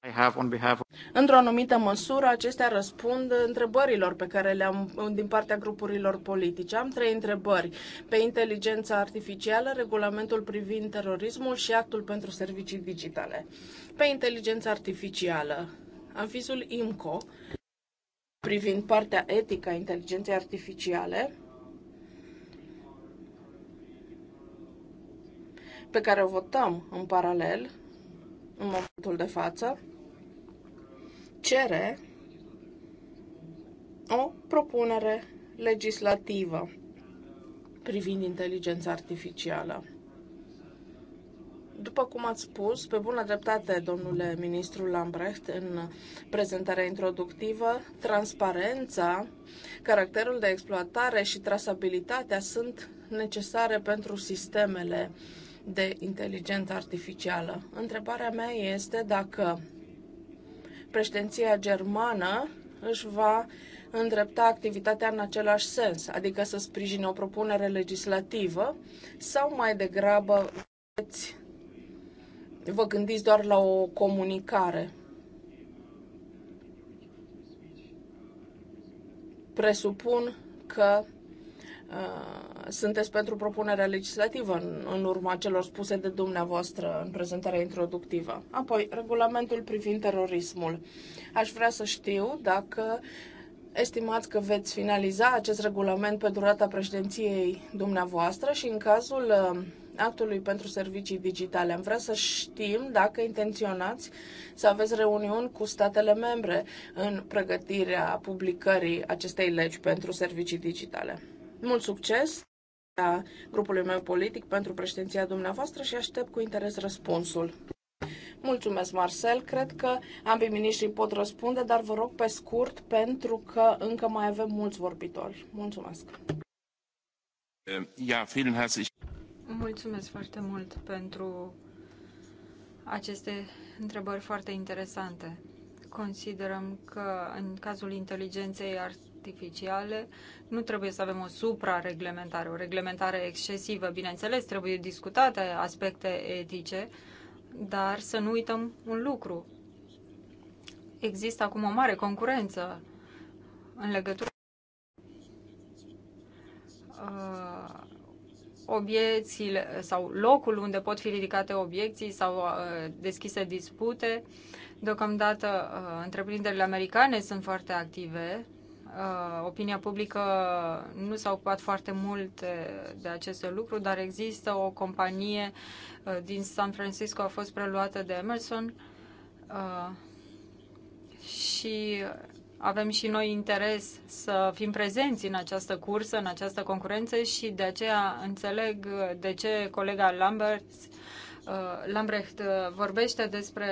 I have on behalf Într-o anumită măsură, acestea răspund întrebărilor pe care le-am din partea grupurilor politice. Am trei întrebări. Pe inteligența artificială, regulamentul privind terorismul și actul pentru servicii digitale. Pe inteligența artificială, avizul IMCO privind partea etică a inteligenței artificiale, pe care o votăm în paralel în momentul de față cere o propunere legislativă privind inteligența artificială. După cum ați spus, pe bună dreptate, domnule ministru Lambrecht, în prezentarea introductivă, transparența, caracterul de exploatare și trasabilitatea sunt necesare pentru sistemele de inteligență artificială. Întrebarea mea este dacă președinția germană își va îndrepta activitatea în același sens, adică să sprijine o propunere legislativă sau mai degrabă vă gândiți doar la o comunicare. Presupun că uh, sunteți pentru propunerea legislativă în, în urma celor spuse de dumneavoastră în prezentarea introductivă. Apoi, regulamentul privind terorismul. Aș vrea să știu dacă estimați că veți finaliza acest regulament pe durata președinției dumneavoastră și în cazul uh, actului pentru servicii digitale. Am vrea să știm dacă intenționați să aveți reuniuni cu statele membre în pregătirea publicării acestei legi pentru servicii digitale. Mult succes! partea grupului meu politic pentru președinția dumneavoastră și aștept cu interes răspunsul. Mulțumesc, Marcel. Cred că ambii miniștri pot răspunde, dar vă rog pe scurt, pentru că încă mai avem mulți vorbitori. Mulțumesc. Mulțumesc foarte mult pentru aceste întrebări foarte interesante. Considerăm că în cazul inteligenței ar artificiale, nu trebuie să avem o suprareglementare, o reglementare excesivă. Bineînțeles, trebuie discutate aspecte etice, dar să nu uităm un lucru. Există acum o mare concurență în legătură cu uh, obiecțiile sau locul unde pot fi ridicate obiecții sau uh, deschise dispute. Deocamdată, uh, întreprinderile americane sunt foarte active Uh, opinia publică nu s-a ocupat foarte mult uh, de acest lucru, dar există o companie uh, din San Francisco, a fost preluată de Emerson și avem și noi interes să fim prezenți în această cursă, în această concurență și de aceea înțeleg de ce colega Lambert Lambrecht vorbește despre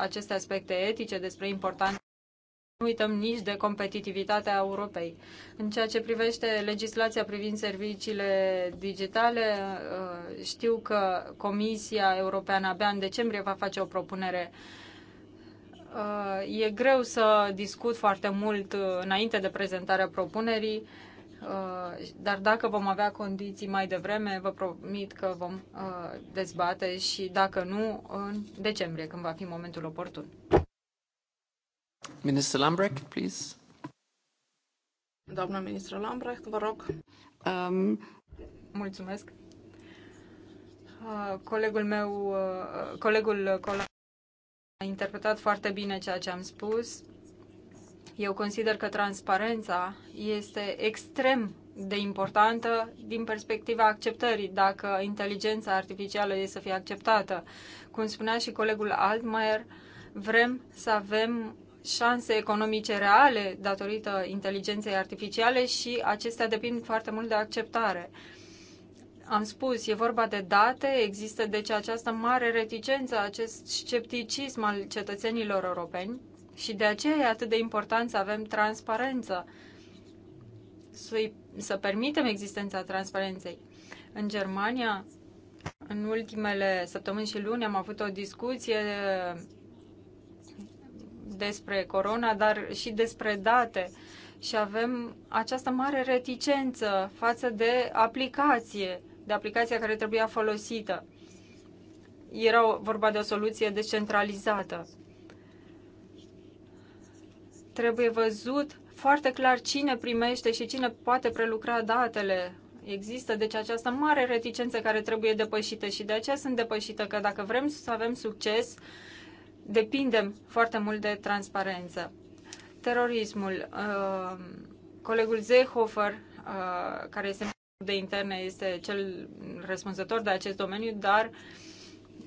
aceste aspecte etice, despre importanța nu uităm nici de competitivitatea Europei. În ceea ce privește legislația privind serviciile digitale, uh, știu că Comisia Europeană abia în decembrie va face o propunere uh, E greu să discut foarte mult uh, înainte de prezentarea propunerii, dar dacă vom avea condiții mai devreme, vă promit că vom dezbate și dacă nu, în decembrie, când va fi momentul oportun. Minister Lambrecht, please. Doamna ministră Lambrecht, vă rog. Um, Mulțumesc. Uh, colegul meu, uh, colegul Cola a interpretat foarte bine ceea ce am spus. Eu consider că transparența este extrem de importantă din perspectiva acceptării, dacă inteligența artificială este să fie acceptată. Cum spunea și colegul Altmaier, vrem să avem șanse economice reale datorită inteligenței artificiale și acestea depind foarte mult de acceptare. Am spus, e vorba de date, există deci această mare reticență, acest scepticism al cetățenilor europeni și de aceea e atât de important să avem transparență, să permitem existența transparenței. În Germania, în ultimele săptămâni și luni, am avut o discuție despre corona, dar și despre date. Și avem această mare reticență față de aplicație, de aplicația care trebuia folosită. Era vorba de o soluție descentralizată. Trebuie văzut foarte clar cine primește și cine poate prelucra datele Există deci această mare reticență care trebuie depășită și de aceea sunt depășită că dacă vrem să avem succes, depindem foarte mult de transparență. Terorismul. Uh, colegul Zehofer, uh, care este de interne, este cel răspunzător de acest domeniu, dar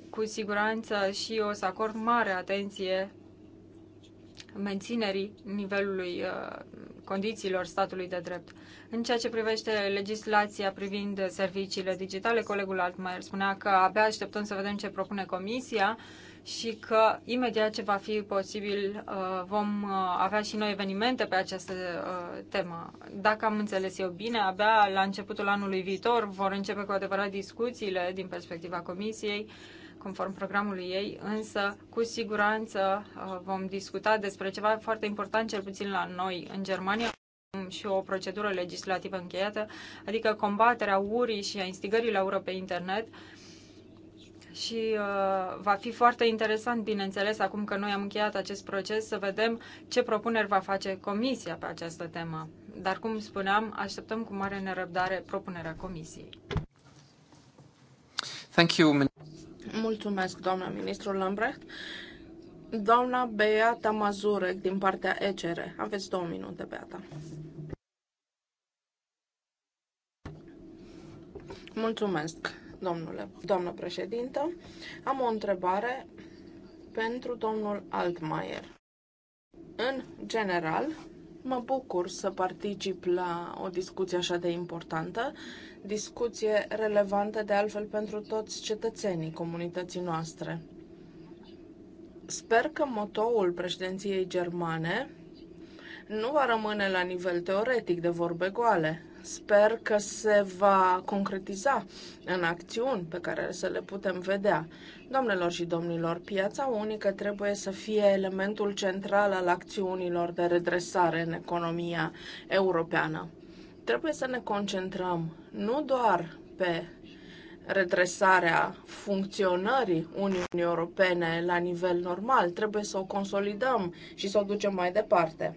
cu siguranță și eu o să acord mare atenție menținerii nivelului uh, condițiilor statului de drept. În ceea ce privește legislația privind serviciile digitale, colegul Altmaier spunea că abia așteptăm să vedem ce propune Comisia. Uh, și că imediat ce va fi posibil uh, vom uh, avea și noi evenimente pe această uh, temă. Dacă am înțeles eu bine, abia la începutul anului viitor vor începe cu adevărat discuțiile din perspectiva Comisiei conform programului ei, însă cu siguranță vom discuta despre ceva foarte important, cel puțin la noi în Germania și o procedură legislativă încheiată, adică combaterea urii și a instigării la ură pe internet, uh, și uh, va fi foarte interesant, bineînțeles, acum că noi am încheiat acest proces, să vedem ce propuneri va face Comisia pe această temă. Dar, cum spuneam, așteptăm cu mare nerăbdare propunerea Comisiei. Thank you. Mulțumesc, doamna ministru Lambrecht. Doamna Beata Mazurek din partea ECR. Aveți două minute, Beata. Mulțumesc. Domnule, doamnă președintă, am o întrebare pentru domnul Altmaier. În general, mă bucur să particip la o discuție așa de importantă, discuție relevantă de altfel pentru toți cetățenii comunității noastre. Sper că motoul președinției germane nu va rămâne la nivel teoretic de vorbe goale, Sper că se va concretiza în acțiuni pe care să le putem vedea. Doamnelor și domnilor, piața unică trebuie să fie elementul central al acțiunilor de redresare în economia europeană. Trebuie să ne concentrăm nu doar pe redresarea funcționării Uniunii Europene la nivel normal, trebuie să o consolidăm și să o ducem mai departe.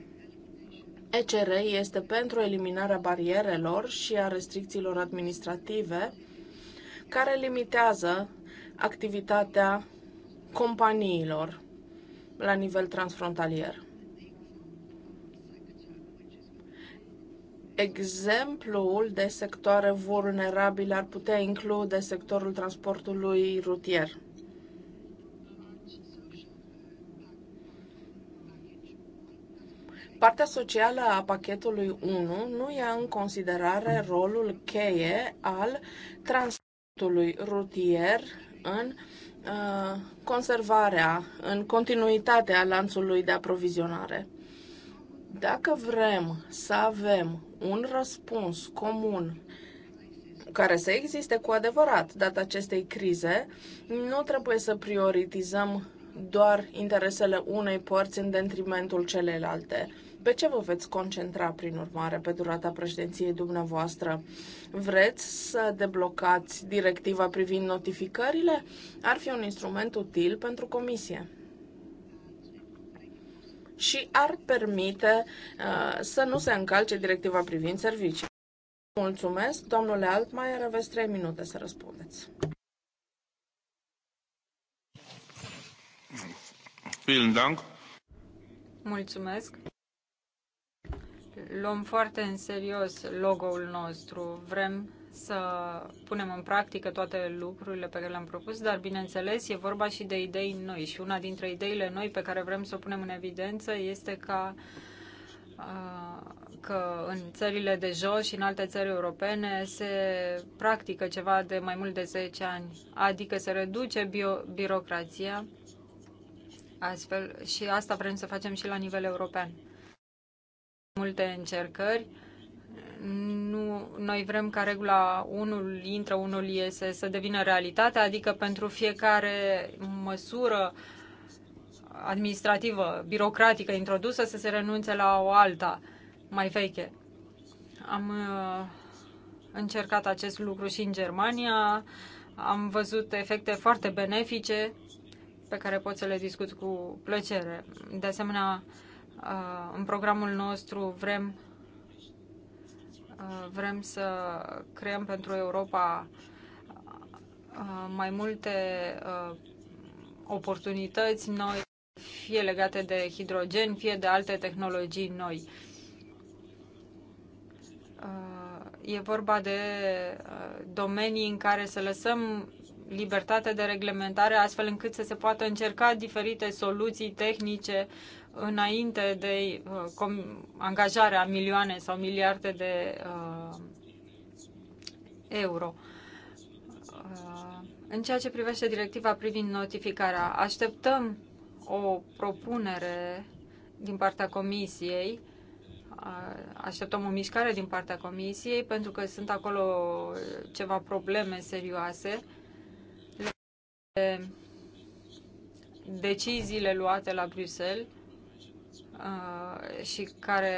ECR este pentru eliminarea barierelor și a restricțiilor administrative care limitează activitatea companiilor la nivel transfrontalier. Exemplul de sectoare vulnerabile ar putea include sectorul transportului rutier. Partea socială a pachetului 1 nu ia în considerare rolul cheie al transportului rutier în uh, conservarea, în continuitatea lanțului de aprovizionare. Dacă vrem să avem un răspuns comun care să existe cu adevărat data acestei crize, nu trebuie să prioritizăm doar interesele unei părți în detrimentul celelalte. Pe ce vă veți concentra, prin urmare, pe durata președinției dumneavoastră? Vreți să deblocați directiva privind notificările? Ar fi un instrument util pentru Comisie și ar permite uh, să nu se încalce directiva privind servicii. Mulțumesc, domnule Altmaier, aveți trei minute să răspundeți. Mulțumesc luăm foarte în serios logo-ul nostru. Vrem să punem în practică toate lucrurile pe care le-am propus, dar bineînțeles e vorba și de idei noi și una dintre ideile noi pe care vrem să o punem în evidență este ca uh, că în țările de jos și în alte țări europene se practică ceva de mai mult de 10 ani, adică se reduce bio, birocrația astfel și asta vrem să facem și la nivel european multe încercări. Nu, noi vrem ca regula unul intră, unul iese să devină realitate, adică pentru fiecare măsură administrativă, birocratică introdusă să se renunțe la o alta mai veche. Am uh, încercat acest lucru și în Germania, am văzut efecte foarte benefice pe care pot să le discut cu plăcere. De asemenea, Uh, în programul nostru vrem, uh, vrem să creăm pentru Europa uh, mai multe oportunități noi, fie legate de hidrogen, fie de alte tehnologii noi. E vorba de domenii în care să lăsăm libertate de reglementare, astfel încât să se poată încerca diferite soluții tehnice înainte de uh, angajarea milioane sau miliarde de uh, euro. Uh, în ceea ce privește directiva privind notificarea, așteptăm o propunere din partea Comisiei, uh, așteptăm o mișcare din partea Comisiei, pentru că sunt acolo ceva probleme serioase deciziile luate la Bruxelles Uh, și care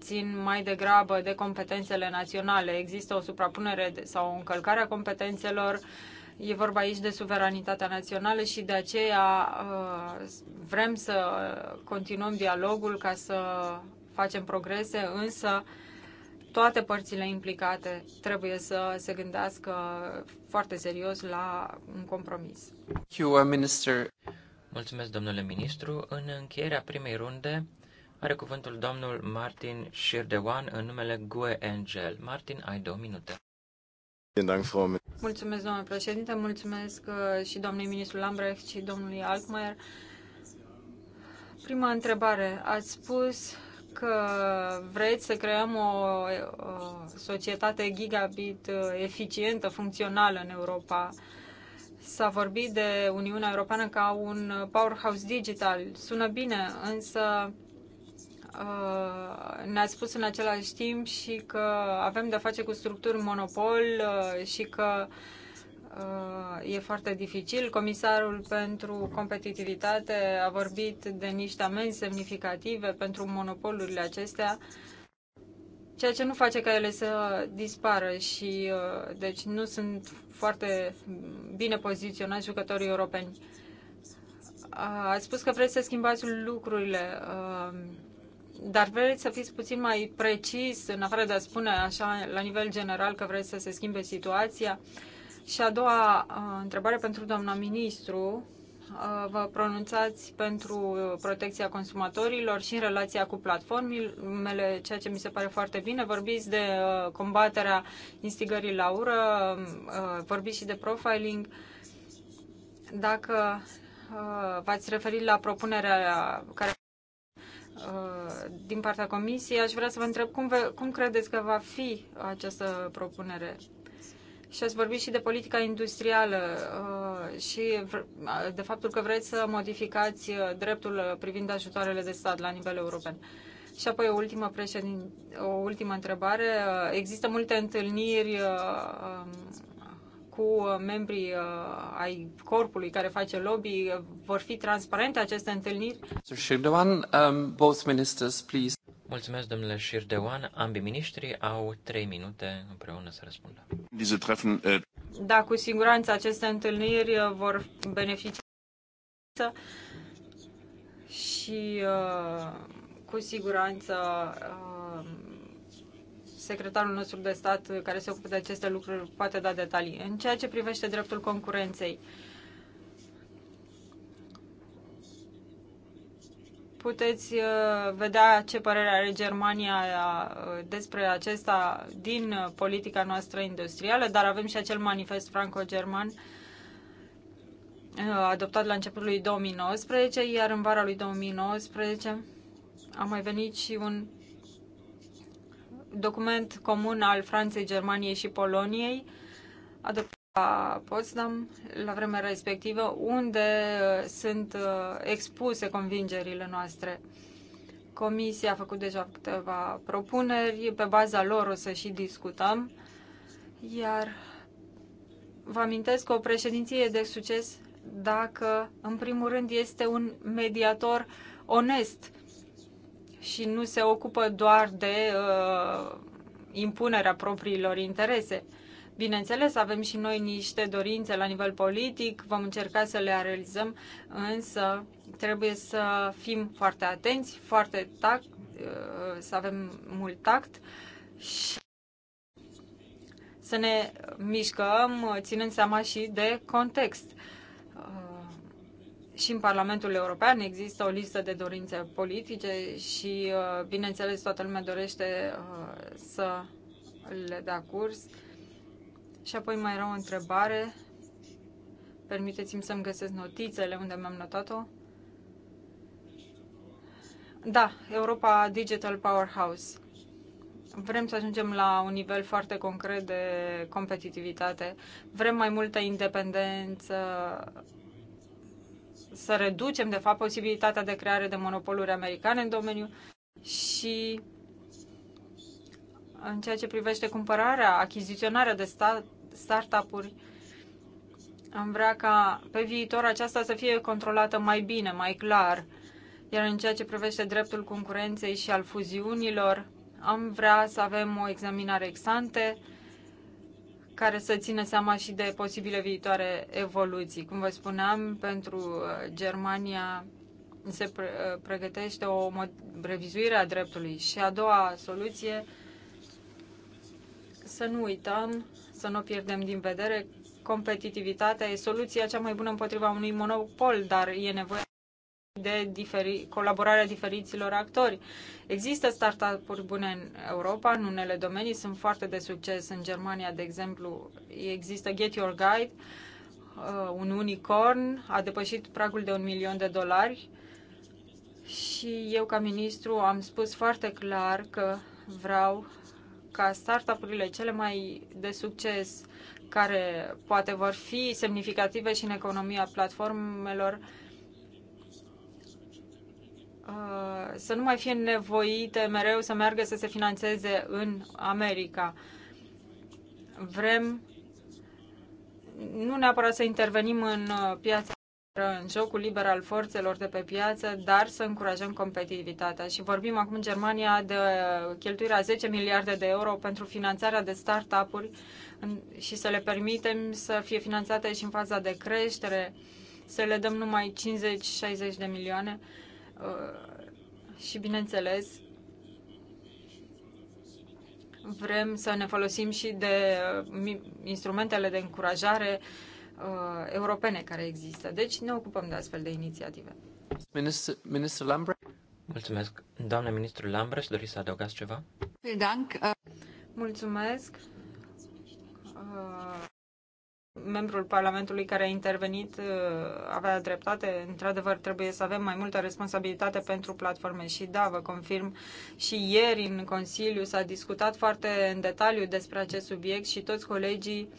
țin mai degrabă de competențele naționale. Există o suprapunere sau o încălcare a competențelor. E vorba aici de suveranitatea națională și de aceea uh, vrem să continuăm dialogul ca să facem progrese, însă toate părțile implicate trebuie să se gândească foarte serios la un compromis. You, uh, Minister. Mulțumesc, domnule ministru. În încheierea primei runde are cuvântul domnul Martin Shirdewan în numele GUE Angel. Martin, ai două minute. Mulțumesc, domnule președinte, mulțumesc uh, și domnului ministru Lambrecht și domnului Altmaier. Prima întrebare. Ați spus că vreți să creăm o, o societate gigabit uh, eficientă, funcțională în Europa. Uh, S-a vorbit de Uniunea Europeană ca un powerhouse digital. Sună bine, însă uh, ne-ați spus în același timp și că avem de-a face cu structuri monopol uh, și că uh, e foarte dificil. Comisarul pentru competitivitate a vorbit de niște amenzi semnificative pentru monopolurile acestea ceea ce nu face ca ele să dispară și uh, deci nu sunt foarte bine poziționați jucătorii europeni. Uh, ați spus că vreți să schimbați lucrurile, uh, dar vreți să fiți puțin mai precis, în afară de a spune așa, la nivel general, că vreți să se schimbe situația. Și a doua întrebare pentru doamna ministru Uh, vă pronunțați pentru protecția consumatorilor și în relația cu platformele, ceea ce mi se pare foarte bine. Vorbiți de uh, combaterea instigării la ură, um, uh, vorbiți și de profiling. Dacă v-ați referit la propunerea care din partea comisiei, aș vrea să vă întreb cum, ve- cum credeți că va fi această propunere? Și ați vorbit și de politica industrială uh, și uh, de faptul că vreți să modificați uh, dreptul privind ajutoarele de stat la nivel european. Și apoi o ultimă, președin, o ultimă întrebare. Există multe întâlniri um, cu membrii ai corpului care face lobby. Vor fi transparente aceste întâlniri? Mr. um, both ministers, please. Mulțumesc, domnule Șirdeoan. Ambii miniștri au trei minute împreună să răspundă. Äh, da, cu siguranță aceste întâlniri uh, vor beneficia și uh, cu siguranță uh, secretarul nostru de stat care se ocupă de aceste lucruri poate da detalii. În ceea ce privește dreptul concurenței, uh, puteți uh, vedea ce părere are Germania uh, despre acesta din uh, politica noastră industrială, dar avem și acel manifest franco-german adoptat la începutul lui 2019, iar în vara lui 2019 a mai venit și un document comun al Franței, Germaniei și Poloniei, adoptat la Potsdam, la vremea respectivă, unde uh, sunt uh, expuse convingerile noastre. Comisia a făcut deja câteva propuneri, pe baza lor o să și discutăm, iar vă amintesc că o președinție de succes dacă, în primul rând, este un mediator onest și nu se ocupă doar de uh, impunerea propriilor interese. Bineînțeles, avem și noi niște dorințe la nivel politic, vom încerca să le realizăm, însă trebuie să fim foarte atenți, foarte tact, uh, să avem mult tact și să ne mișcăm uh, ținând seama și de context. Uh, și în Parlamentul European există o listă de dorințe politice și, bineînțeles, toată lumea dorește să le dea curs și apoi mai era o întrebare. Permiteți-mi să-mi găsesc notițele unde mi-am notat-o. Da, Europa Digital Powerhouse. Vrem să ajungem la un nivel foarte concret de competitivitate. Vrem mai multă independență, să reducem, de fapt, posibilitatea de creare de monopoluri americane în domeniu și în ceea ce privește cumpărarea, achiziționarea de stat startup-uri. Am vrea ca pe viitor aceasta să fie controlată mai bine, mai clar. Iar în ceea ce privește dreptul concurenței și al fuziunilor, am vrea să avem o examinare exante care să țină seama și de posibile viitoare evoluții. Cum vă spuneam, pentru uh, Germania se uh, pregătește o revizuire a dreptului. Și a doua soluție, să nu uităm să nu pierdem din vedere. Competitivitatea e soluția cea mai bună împotriva unui monopol, dar e nevoie de diferi, colaborarea diferiților actori. Există startup-uri bune în Europa, în unele domenii sunt foarte de succes. În Germania, de exemplu, există Get Your Guide, uh, un unicorn, a depășit pragul de un milion de dolari și eu ca ministru am spus foarte clar că vreau ca startup-urile cele mai de succes, care poate vor fi semnificative și în economia platformelor, uh, să nu mai fie nevoite mereu să meargă să se financeze în America. Vrem nu neapărat să intervenim în uh, piața în jocul liber al forțelor de pe piață, dar să încurajăm competitivitatea. Și vorbim acum în Germania de cheltuirea 10 miliarde de euro pentru finanțarea de startup-uri și să le permitem să fie finanțate și în faza de creștere, să le dăm numai 50-60 de milioane uh, și, bineînțeles, vrem să ne folosim și de uh, instrumentele de încurajare uh, uh, europene care există. Deci ne ocupăm de astfel de inițiative. Minister, Minister Lambrecht. Mulțumesc. Doamne ministru Lambrecht, doriți să adăugați ceva? Mulțumesc. Uh, membrul Parlamentului care a intervenit uh, avea dreptate. Într-adevăr, trebuie să avem mai multă responsabilitate pentru platforme și da, vă confirm, și ieri în Consiliu s-a discutat foarte în detaliu despre acest subiect și toți colegii uh,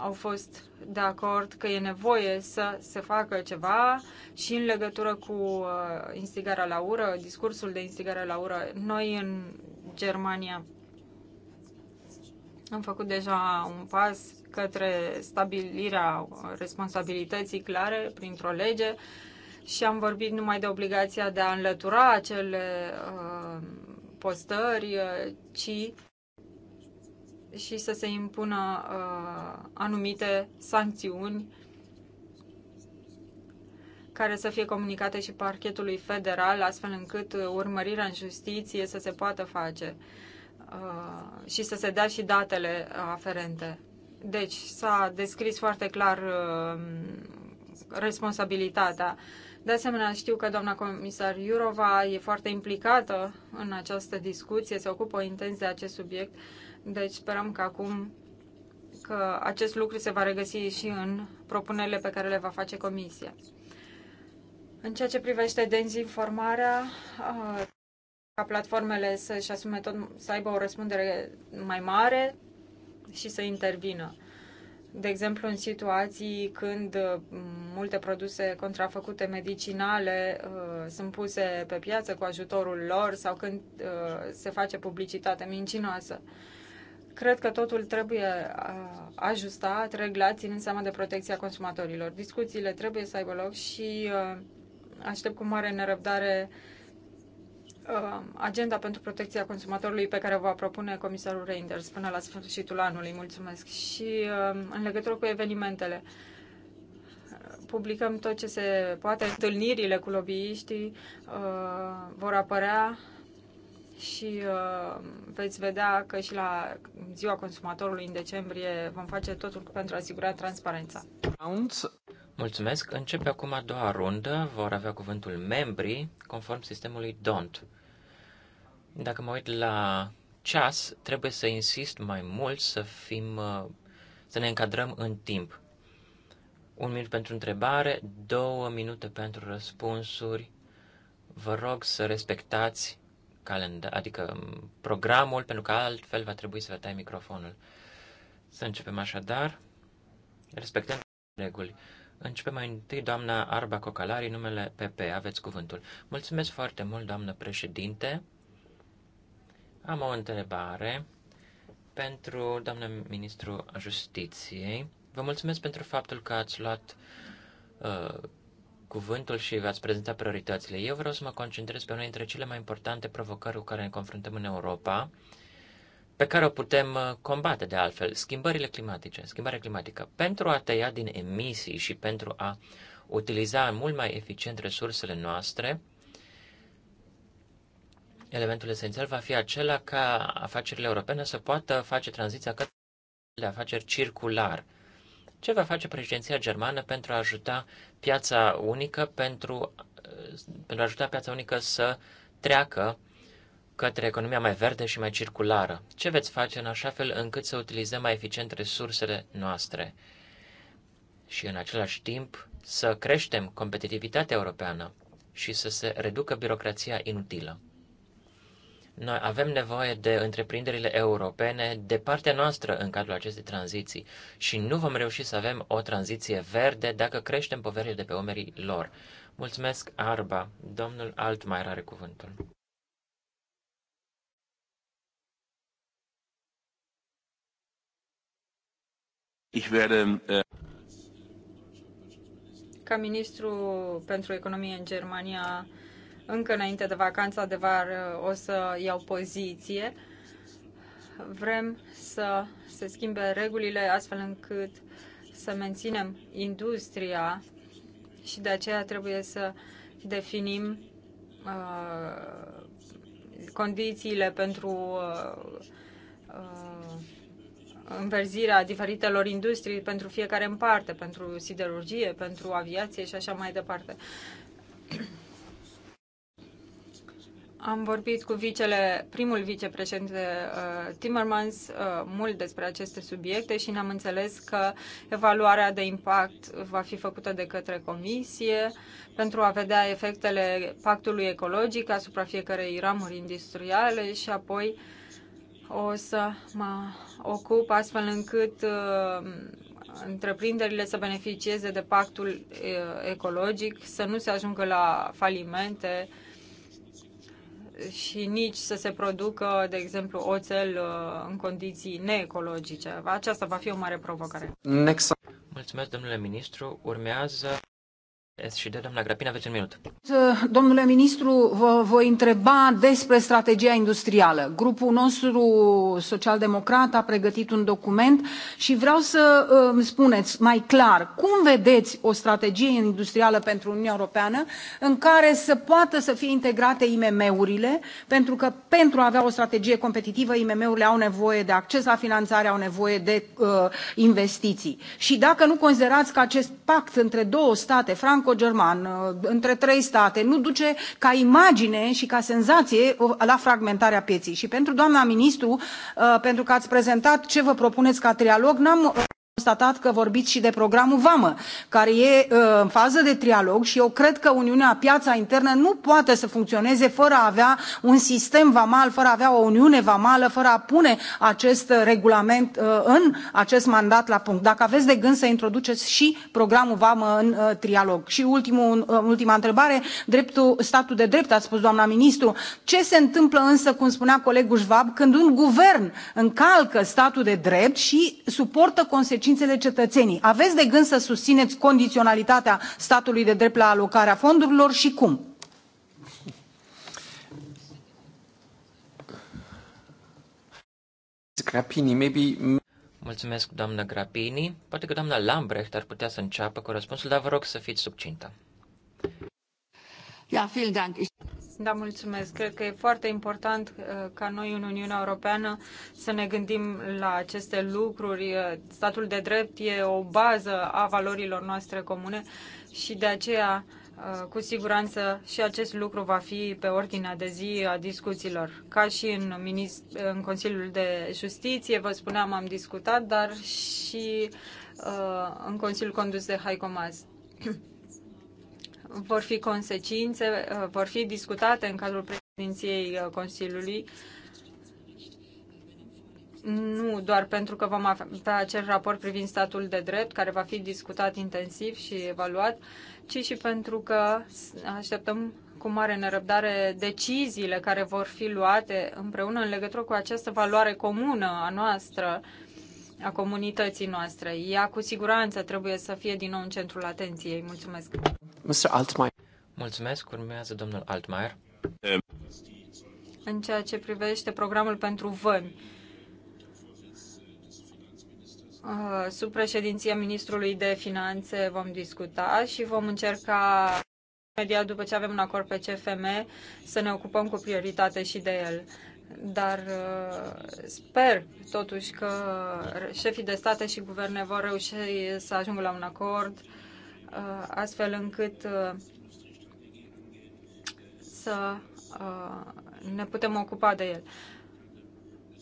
au fost de acord că e nevoie să se facă ceva și în legătură cu uh, instigarea la ură, discursul de instigare la ură. Noi în Germania am făcut deja un pas către stabilirea responsabilității clare printr-o lege și am vorbit numai de obligația de a înlătura acele uh, postări, uh, ci și să se impună uh, anumite sancțiuni care să fie comunicate și parchetului federal, astfel încât uh, urmărirea în justiție să se poată face uh, și să se dea și datele aferente. Deci s-a descris foarte clar uh, responsabilitatea. De asemenea, știu că doamna comisar Iurova e foarte implicată în această discuție, se ocupă intens de acest subiect. Uh, deci sperăm că acum că acest lucru se va regăsi și în propunerile pe care le va face Comisia. În ceea ce privește dezinformarea, ca platformele să-și asume tot, să aibă o răspundere mai mare și să intervină. De exemplu, în situații când uh, multe produse contrafăcute medicinale uh, sunt puse pe piață cu ajutorul lor sau când uh, se face publicitate mincinoasă. Uh, Cred că totul trebuie ajustat, reglat, ținând seama de protecția consumatorilor. Discuțiile trebuie să aibă loc și aștept cu mare nerăbdare agenda pentru protecția consumatorului pe care o va propune comisarul Reinders până la sfârșitul anului. Mulțumesc. Și în legătură cu evenimentele, publicăm tot ce se poate, întâlnirile cu lobbyiștii vor apărea și uh, veți vedea că și la ziua consumatorului în decembrie vom face totul pentru a asigura transparența. Mulțumesc. Începe acum a doua rundă. Vor avea cuvântul membrii conform sistemului DONT. Dacă mă uit la ceas, trebuie să insist mai mult să fim, uh, să ne încadrăm în timp. Un minut pentru întrebare, două minute pentru răspunsuri. Vă rog să respectați calendar, adică programul, pentru că altfel va trebui să vă tai microfonul. Să începem așadar, respectând reguli. Începem mai întâi doamna Arba Cocalari, numele PP. Aveți cuvântul. Mulțumesc foarte mult, doamnă președinte. Am o întrebare pentru doamnă ministru a justiției. Vă mulțumesc pentru faptul că ați luat uh, cuvântul și v-ați prezentat prioritățile. Eu vreau să mă concentrez pe una dintre cele mai importante provocări cu care ne confruntăm în Europa, pe care o putem uh, combate de altfel, schimbările climatice, schimbarea climatică. Pentru a tăia din emisii și pentru a utiliza mult mai eficient resursele noastre, elementul esențial va fi acela ca afacerile europene să poată face tranziția către afaceri circulare. Ce va face președinția germană pentru a ajuta piața unică, pentru, eh, pentru a ajuta piața unică să treacă către economia mai verde și mai circulară? Ce veți face în așa fel încât să utilizăm mai eficient resursele noastre și în același timp să creștem competitivitatea europeană și să se reducă birocrația inutilă? Noi avem nevoie de întreprinderile europene de partea noastră în cadrul acestei tranziții și nu vom reuși să avem o tranziție verde dacă creștem poverile de pe umerii lor. Mulțumesc, Arba. Domnul Altmaier are cuvântul. Ich werde, uh... Ca ministru pentru economie în Germania, încă înainte de vacanța de vară o să iau poziție. Vrem să se schimbe regulile astfel încât să menținem industria și de aceea trebuie să definim uh, condițiile pentru uh, uh, înverzirea diferitelor industrii pentru fiecare în parte, pentru siderurgie, pentru aviație și așa mai departe. Am vorbit cu vicele, primul vicepreședinte uh, Timmermans uh, mult despre aceste subiecte și ne-am înțeles că evaluarea de impact va fi făcută de către comisie pentru a vedea efectele pactului ecologic asupra fiecarei ramuri industriale și apoi o să mă ocup astfel încât uh, întreprinderile să beneficieze de pactul ecologic, să nu se ajungă la falimente, și nici să se producă, de exemplu, oțel uh, în condiții neecologice. Aceasta va fi o mare provocare. Next. Mulțumesc, domnule ministru. Urmează SCD, doamna Grapin, aveți un minut. Domnule ministru, vă voi întreba despre strategia industrială. Grupul nostru social-democrat a pregătit un document și vreau să uh, îmi spuneți mai clar cum vedeți o strategie industrială pentru Uniunea Europeană în care să poată să fie integrate IMM-urile, pentru că pentru a avea o strategie competitivă, IMM-urile au nevoie de acces la finanțare, au nevoie de uh, investiții. Și dacă nu considerați că acest pact între două state, franco franco-german uh, între trei state nu duce ca imagine și ca senzație la fragmentarea pieței. Și pentru doamna ministru, uh, pentru că ați prezentat ce vă propuneți ca trialog, n-am constatat că vorbiți și de programul vamă care e uh, în fază de trialog și eu cred că uniunea piața internă nu poate să funcționeze fără a avea un sistem vamal fără a avea o uniune vamală fără a pune acest uh, regulament uh, în acest mandat la punct. dacă aveți de gând să introduceți și programul vamă în trialog. și ultimul, ultima întrebare dreptul, statul de drept ați spus doamna ministru ce se întâmplă însă cum spunea colegul schwab când un guvern încalcă statul de drept și suportă consecințe consecințele cetățenii. Aveți de gând să susțineți condiționalitatea statului de drept la alocarea fondurilor și cum? Grapini, maybe... Mulțumesc, doamnă Grapini. Poate că doamna Lambrecht ar putea să înceapă cu răspunsul, dar vă rog să fiți subcintă. Ja, vielen Dank. Ich... Da, mulțumesc. Cred că e foarte important uh, ca noi în Uniunea Europeană să ne gândim la aceste lucruri. Uh, statul de drept e o bază a valorilor noastre comune și de aceea uh, cu siguranță și acest lucru va fi pe ordinea de zi a discuțiilor. Ca și în, în Consiliul de Justiție, vă spuneam, am discutat, dar și uh, în Consiliul condus de Haicomas. [CLEARS THROAT] vor fi consecințe, uh, vor fi discutate în cadrul președinției uh, Consiliului, nu doar pentru că vom avea acel raport privind statul de drept, care va fi discutat intensiv și evaluat, ci și pentru că așteptăm cu mare nerăbdare deciziile care vor fi luate împreună în legătură cu această valoare comună a noastră, a comunității noastre. Ea cu siguranță trebuie să fie din nou în centrul atenției. Mulțumesc! Mr. Altmaier. Mulțumesc, urmează domnul Altmaier. În ceea ce privește programul pentru vân, uh, sub președinția Ministrului de Finanțe vom discuta și vom încerca imediat după ce avem un acord pe CFM să ne ocupăm cu prioritate și de el. Dar uh, sper totuși că șefii de state și guverne vor reuși să ajungă la un acord Uh, astfel încât uh, să uh, ne putem ocupa de el.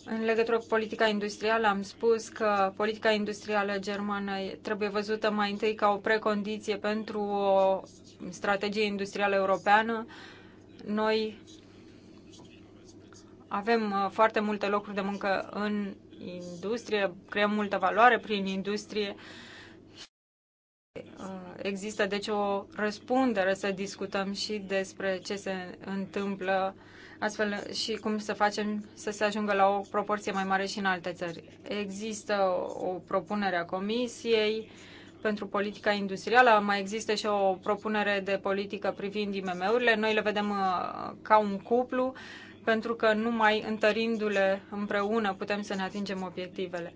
În legătură cu politica industrială, am spus că politica industrială germană trebuie văzută mai întâi ca o precondiție pentru o strategie industrială europeană. Noi avem foarte multe locuri de muncă în industrie, creăm multă valoare prin industrie Există deci o răspundere să discutăm și despre ce se întâmplă astfel și cum să facem să se ajungă la o proporție mai mare și în alte țări. Există o propunere a Comisiei pentru politica industrială, mai există și o propunere de politică privind IMM-urile. Noi le vedem uh, ca un cuplu, pentru că numai întărindu-le împreună putem să ne atingem obiectivele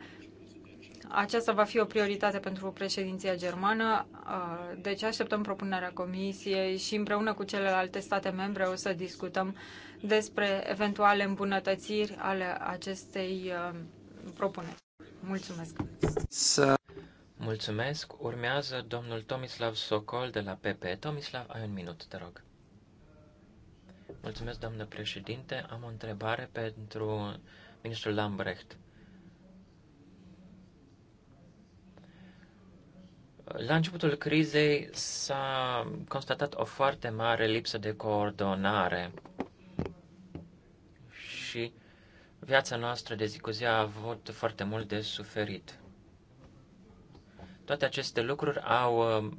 aceasta va fi o prioritate pentru președinția germană, uh, deci așteptăm propunerea Comisiei și împreună cu celelalte state membre o să discutăm despre eventuale îmbunătățiri ale acestei uh, propuneri. Mulțumesc! Să... Mulțumesc! Urmează domnul Tomislav Sokol de la PP. Tomislav, ai un minut, te rog. Mulțumesc, doamnă președinte. Am o întrebare pentru ministrul Lambrecht. La începutul crizei s-a constatat o foarte mare lipsă de coordonare și viața noastră de zi cu zi a avut foarte mult de suferit. Toate aceste lucruri au, uh, au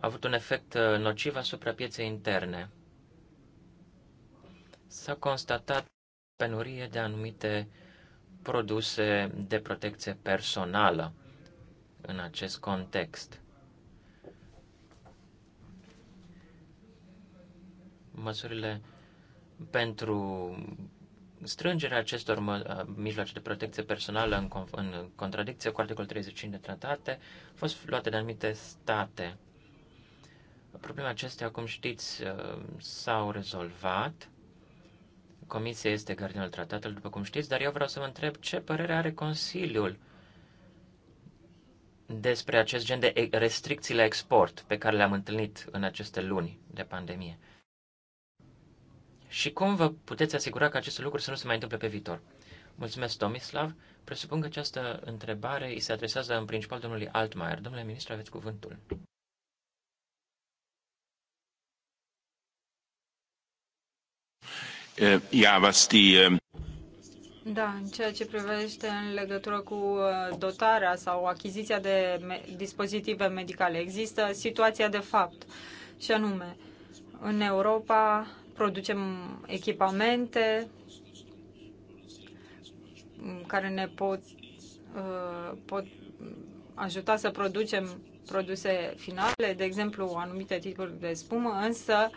avut un efect uh, nociv asupra pieței interne. S-a constatat penurie de anumite produse de protecție personală în acest context. Măsurile pentru strângerea acestor uh, mijloace de protecție personală în, conf- în contradicție cu articolul 35 de tratate au fost luate de anumite state. Problema acestea, cum știți, uh, s-au rezolvat. Comisia este gardianul tratatelor, după cum știți, dar eu vreau să vă întreb ce părere are Consiliul despre acest gen de restricții la export pe care le-am întâlnit în aceste luni de pandemie. Și cum vă puteți asigura că aceste lucruri să nu se mai întâmple pe viitor? Mulțumesc, Tomislav. Presupun că această întrebare îi se adresează în principal domnului Altmaier. Domnule ministru, aveți cuvântul. Eh, ja, was die eh, da, în ceea ce privește în legătură cu uh, dotarea sau achiziția de dispozitive medicale, există situația de fapt și anume, în Europa producem echipamente mm, care ne pot, uh, pot ajuta să producem produse finale, de exemplu anumite tipuri de spumă, însă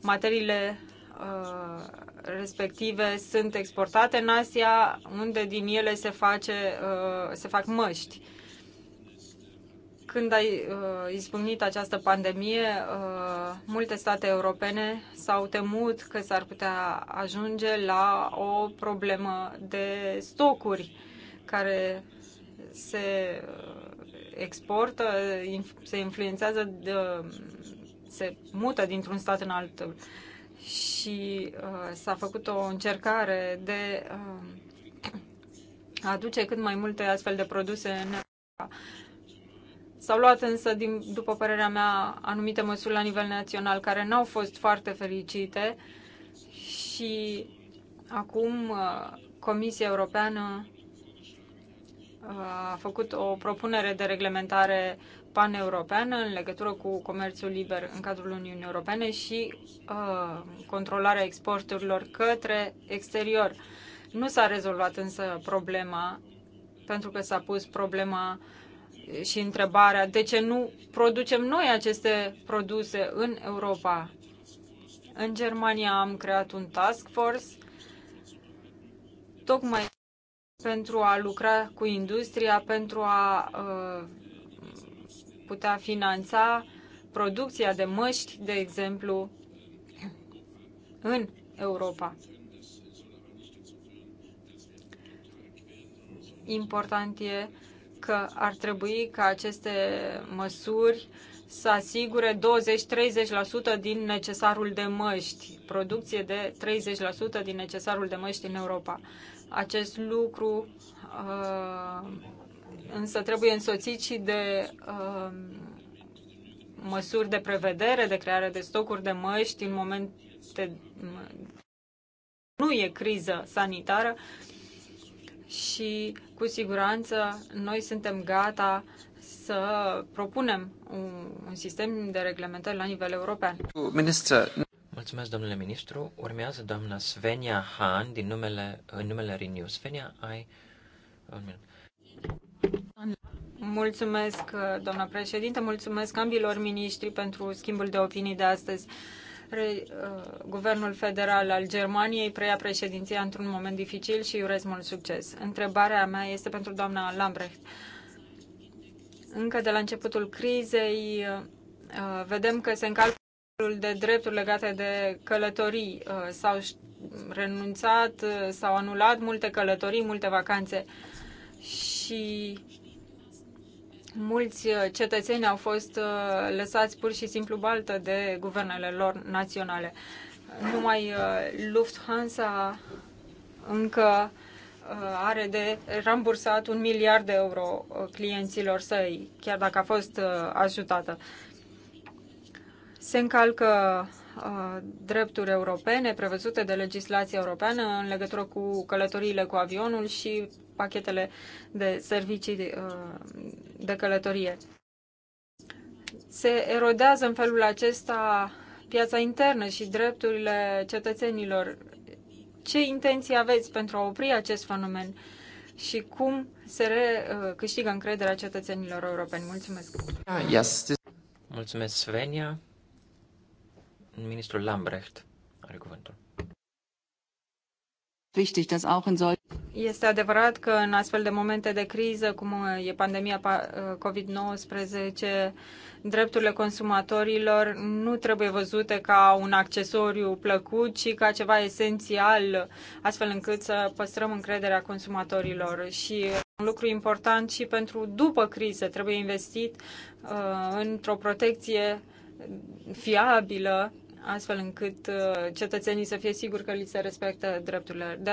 materiile Uh, respective sunt exportate în Asia, unde din ele se, face, uh, se fac măști. Când a uh, izbucnit această pandemie, multe state europene s-au temut că s-ar putea ajunge la o problemă de stocuri care se exportă, se influențează, de, se mută dintr-un stat în altul. Uh, și uh, s-a făcut o încercare de uh, a aduce cât mai multe astfel de produse în Europa. S-au luat însă, din, după părerea mea, anumite măsuri la nivel național care n-au fost foarte fericite și acum uh, Comisia Europeană uh, a făcut o propunere de reglementare paneuropeană în legătură cu comerțul liber în cadrul Uniunii Europene și uh, controlarea exporturilor către exterior. Nu s-a rezolvat însă problema, pentru că s-a pus problema uh, și întrebarea de ce nu producem noi aceste produse în Europa. În Germania am creat un task force tocmai pentru a lucra cu industria, pentru a uh, putea finanța producția de măști, de exemplu, în Europa. Important e că ar trebui ca aceste măsuri să asigure 20-30% din necesarul de măști, producție de 30% din necesarul de măști în Europa. Acest lucru uh, însă trebuie însoțit și de uh, măsuri de prevedere, de creare de stocuri de măști în momente nu e criză sanitară și cu siguranță noi suntem gata să propunem un, un sistem de reglementări la nivel european. Minister. Mulțumesc, domnule ministru. Urmează doamna Svenia Han din numele, în numele Renew. Svenia, ai un minut. Mulțumesc, doamna președinte, mulțumesc ambilor miniștri pentru schimbul de opinii de astăzi. Re, uh, Guvernul federal al Germaniei preia președinția într-un moment dificil și urez mult succes. Întrebarea mea este pentru doamna Lambrecht. Încă de la începutul crizei uh, vedem că se încalcă de drepturi legate de călătorii. Uh, s-au renunțat, uh, s-au anulat multe călătorii, multe vacanțe și Mulți uh, cetățeni au fost uh, lăsați pur și simplu baltă de guvernele lor naționale. Numai uh, Lufthansa încă are de rambursat un miliard de euro clienților săi, chiar dacă a fost ajutată. Se încalcă drepturi europene prevăzute de legislația europeană în legătură cu călătoriile cu avionul și pachetele de servicii de, uh, de călătorie. Se erodează în felul acesta piața internă și drepturile cetățenilor. Ce intenții aveți pentru a opri acest fenomen și cum se uh, câștigă încrederea cetățenilor europeni? Mulțumesc! Mulțumesc, Svenia. Ministrul Lambrecht are cuvântul este adevărat că în astfel de momente de criză, cum uh, e pandemia uh, COVID-19, drepturile consumatorilor nu trebuie văzute ca un accesoriu plăcut, ci ca ceva esențial, astfel încât să păstrăm încrederea consumatorilor. Și uh, un lucru important și pentru după criză trebuie investit uh, într-o protecție fiabilă astfel încât uh, cetățenii să fie siguri că li se respectă drepturile. De,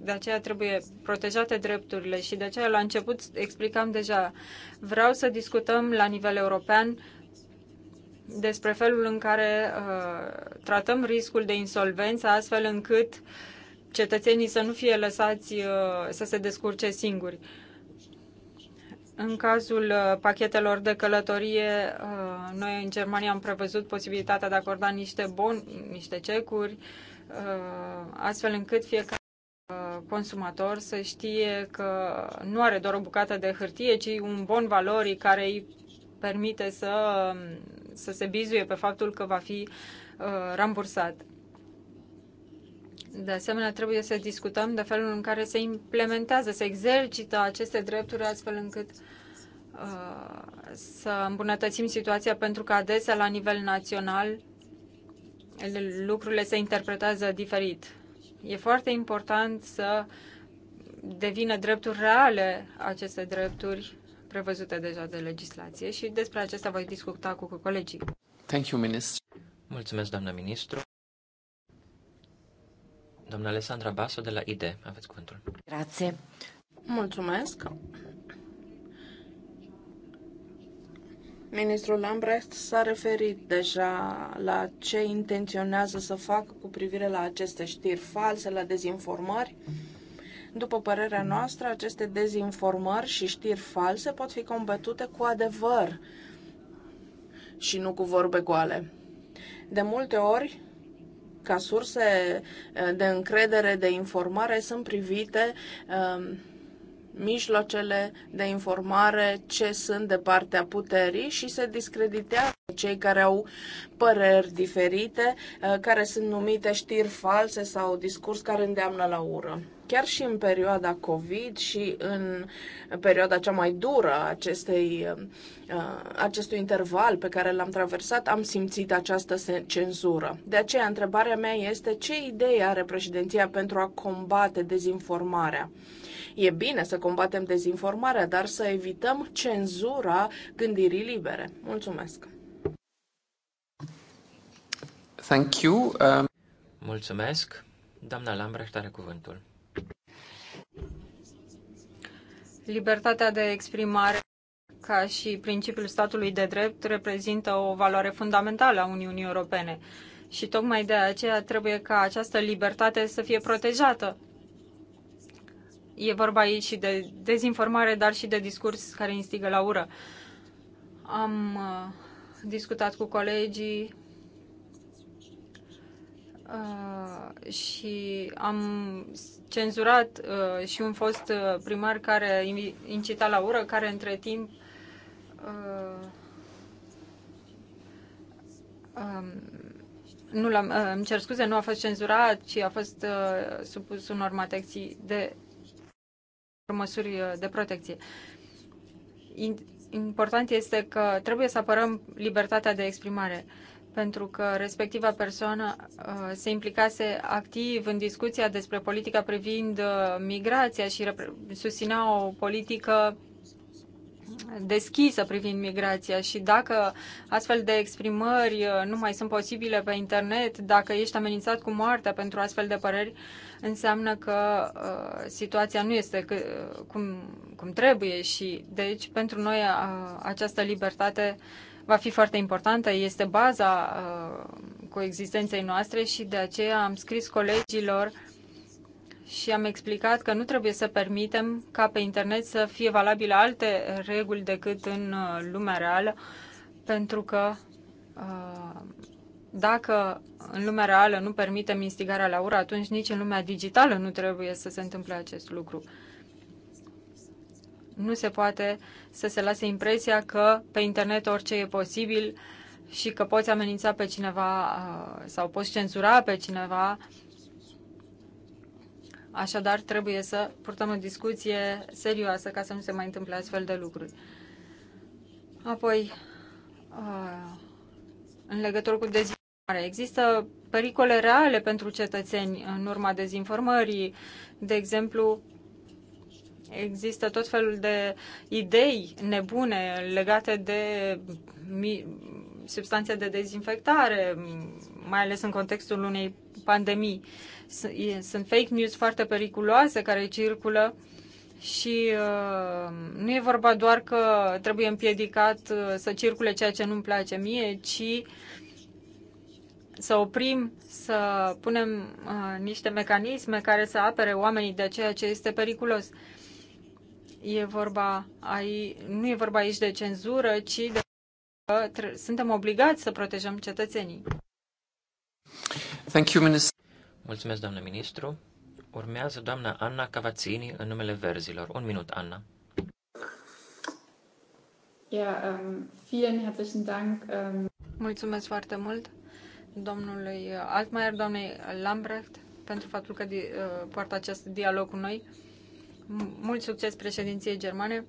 de aceea trebuie protejate drepturile și de aceea la început explicam deja, vreau să discutăm la nivel european despre felul în care uh, tratăm riscul de insolvență astfel încât cetățenii să nu fie lăsați uh, să se descurce singuri. Uh, în cazul uh, pachetelor de călătorie, uh, noi în Germania am prevăzut posibilitatea de a acorda niște boni, niște cecuri, uh, astfel încât fiecare consumator să știe că nu are doar o bucată de hârtie, ci un bon valori care îi permite să, să se bizuie pe faptul că va fi rambursat. De asemenea, trebuie să discutăm de felul în care se implementează, se exercită aceste drepturi astfel încât uh, să îmbunătățim situația pentru că adesea la nivel național lucrurile se interpretează diferit. E foarte important să devină drepturi reale aceste drepturi prevăzute deja de legislație și despre acesta voi discuta cu colegii. Thank you, minister. Mulțumesc, doamnă ministru. Doamna Alessandra Baso de la ID, aveți cuvântul. Grație. Mulțumesc. Ministrul Lambrecht s-a referit deja la ce intenționează să facă cu privire la aceste știri false, la dezinformări. După părerea noastră, aceste dezinformări și știri false pot fi combătute cu adevăr și nu cu vorbe goale. De multe ori, ca surse eh, de încredere, de informare, sunt privite ehm, mijlocele de informare ce sunt de partea puterii și se discreditează cei care au păreri diferite, eh, care sunt numite știri false sau discurs care îndeamnă la ură chiar și în perioada COVID și în perioada cea mai dură acestei, uh, acestui interval pe care l-am traversat, am simțit această cenzură. De aceea, întrebarea mea este ce idee are președinția pentru a combate dezinformarea? E bine să combatem dezinformarea, dar să evităm cenzura gândirii libere. Mulțumesc! Thank you. Um... Mulțumesc. Doamna Lambrecht are cuvântul. Libertatea de exprimare ca și principiul statului de drept reprezintă o valoare fundamentală a Uniunii Europene și tocmai de aceea trebuie ca această libertate să fie protejată. E vorba aici și de dezinformare, dar și de discurs care instigă la ură. Am uh, discutat cu colegii Uh, și am cenzurat uh, și un fost uh, primar care incita la ură, care între timp uh, um, nu l-am, uh, îmi cer scuze, nu a fost cenzurat, ci a fost uh, supus unor matecții de măsuri uh, de protecție. important este că trebuie să apărăm libertatea de exprimare. Uh, pentru că respectiva persoană uh, se implicase activ în discuția despre politica privind uh, migrația și susținea o politică deschisă privind migrația și dacă astfel de exprimări uh, nu mai sunt posibile pe internet, dacă ești amenințat cu moartea pentru astfel de păreri, înseamnă că uh, situația nu este că, cum, cum trebuie și deci pentru noi uh, această libertate uh, va fi foarte importantă, este baza uh, coexistenței noastre și de aceea am scris colegilor și am explicat că nu trebuie să permitem ca pe internet să fie valabile alte reguli decât în uh, lumea reală, pentru că uh, dacă în lumea reală nu permitem instigarea la ură, atunci nici în lumea digitală nu trebuie să se întâmple acest lucru. Nu se poate să se lase impresia că pe internet orice e posibil și că poți amenința pe cineva uh, sau poți cenzura pe cineva. Așadar, trebuie să purtăm o discuție serioasă ca să nu se mai întâmple astfel de lucruri. Apoi, uh, în legătură cu dezinformare există pericole reale pentru cetățeni în urma dezinformării. De exemplu, Există tot felul de idei nebune legate de substanțe de dezinfectare, mai ales în contextul unei pandemii. Sunt fake news foarte periculoase care circulă și uh, nu e vorba doar că trebuie împiedicat uh, să circule ceea ce nu-mi place mie, ci să oprim, să punem uh, niște mecanisme care să apere oamenii de ceea ce este periculos. Uh, E vorba aici, nu e vorba aici de cenzură, ci de că suntem obligați să protejăm cetățenii. Thank you, minister. Mulțumesc, doamnă ministru. Urmează doamna Anna Cavazzini în numele verzilor. Un minut, Anna. Ja, um, vielen herzlichen Dank. Um... Mulțumesc foarte mult domnului Altmaier, doamnei Lambrecht, pentru faptul că di- ă, poartă acest dialog cu noi. Mult succes președinției germane.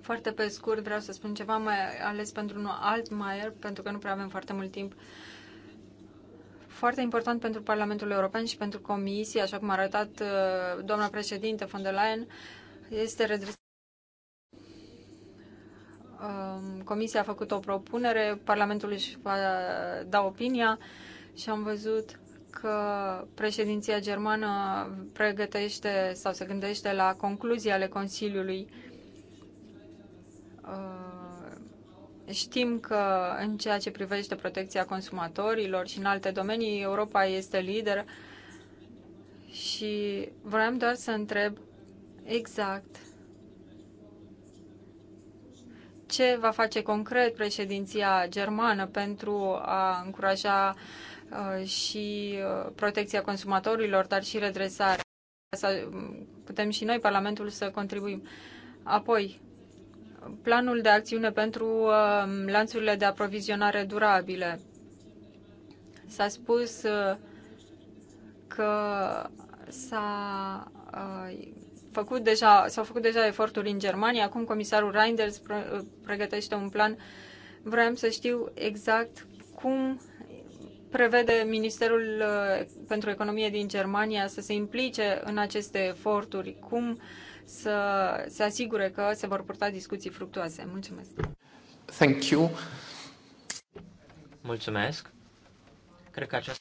Foarte pe scurt vreau să spun ceva, mai ales pentru un alt maier, pentru că nu prea avem foarte mult timp. Foarte important pentru Parlamentul European și pentru Comisie, așa cum a arătat uh, doamna președinte von der Leyen, este redresarea. Um, Comisia a făcut o propunere, Parlamentul își va da opinia și am văzut că președinția germană pregătește sau se gândește la concluzii ale Consiliului. Uh, știm că în ceea ce privește protecția consumatorilor și în alte domenii, Europa este lider și vreau doar să întreb exact ce va face concret președinția germană pentru a încuraja uh, Uh, și uh, protecția consumatorilor, dar și redresarea. Să putem și noi, Parlamentul, să contribuim. Apoi, planul de acțiune pentru uh, lanțurile de aprovizionare durabile. S-a spus că s-a făcut deja, s-au făcut deja eforturi în Germania. Acum comisarul Reinders pregătește un plan. Vreau să știu exact cum prevede Ministerul uh, pentru Economie din Germania să se implice în aceste eforturi? Cum să se asigure că se vor purta discuții fructuoase? Mulțumesc! Thank you! Mulțumesc! Cred că aceasta...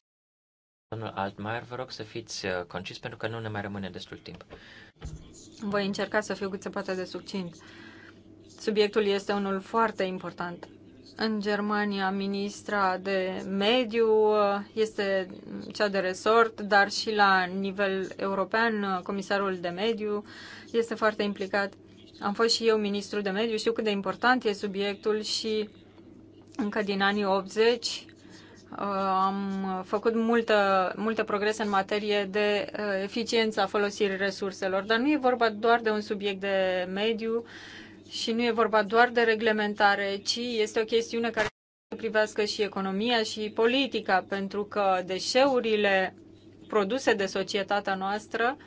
Domnul Altmaier, vă rog să fiți uh, concis pentru că nu ne mai rămâne destul timp. Voi încerca să fiu cât se poate de succint. Subiectul este unul foarte important în Germania ministra de mediu uh, este cea de resort, dar și la nivel european uh, comisarul de mediu este foarte implicat. Am fost și eu ministru de mediu, știu cât de important e subiectul și încă din anii 80 uh, am făcut multă, multe progrese în materie de eficiența folosirii resurselor, dar nu e vorba doar de un subiect de mediu, și nu e vorba doar de reglementare, ci este o chestiune care privească și economia și politica, pentru că deșeurile produse de societatea noastră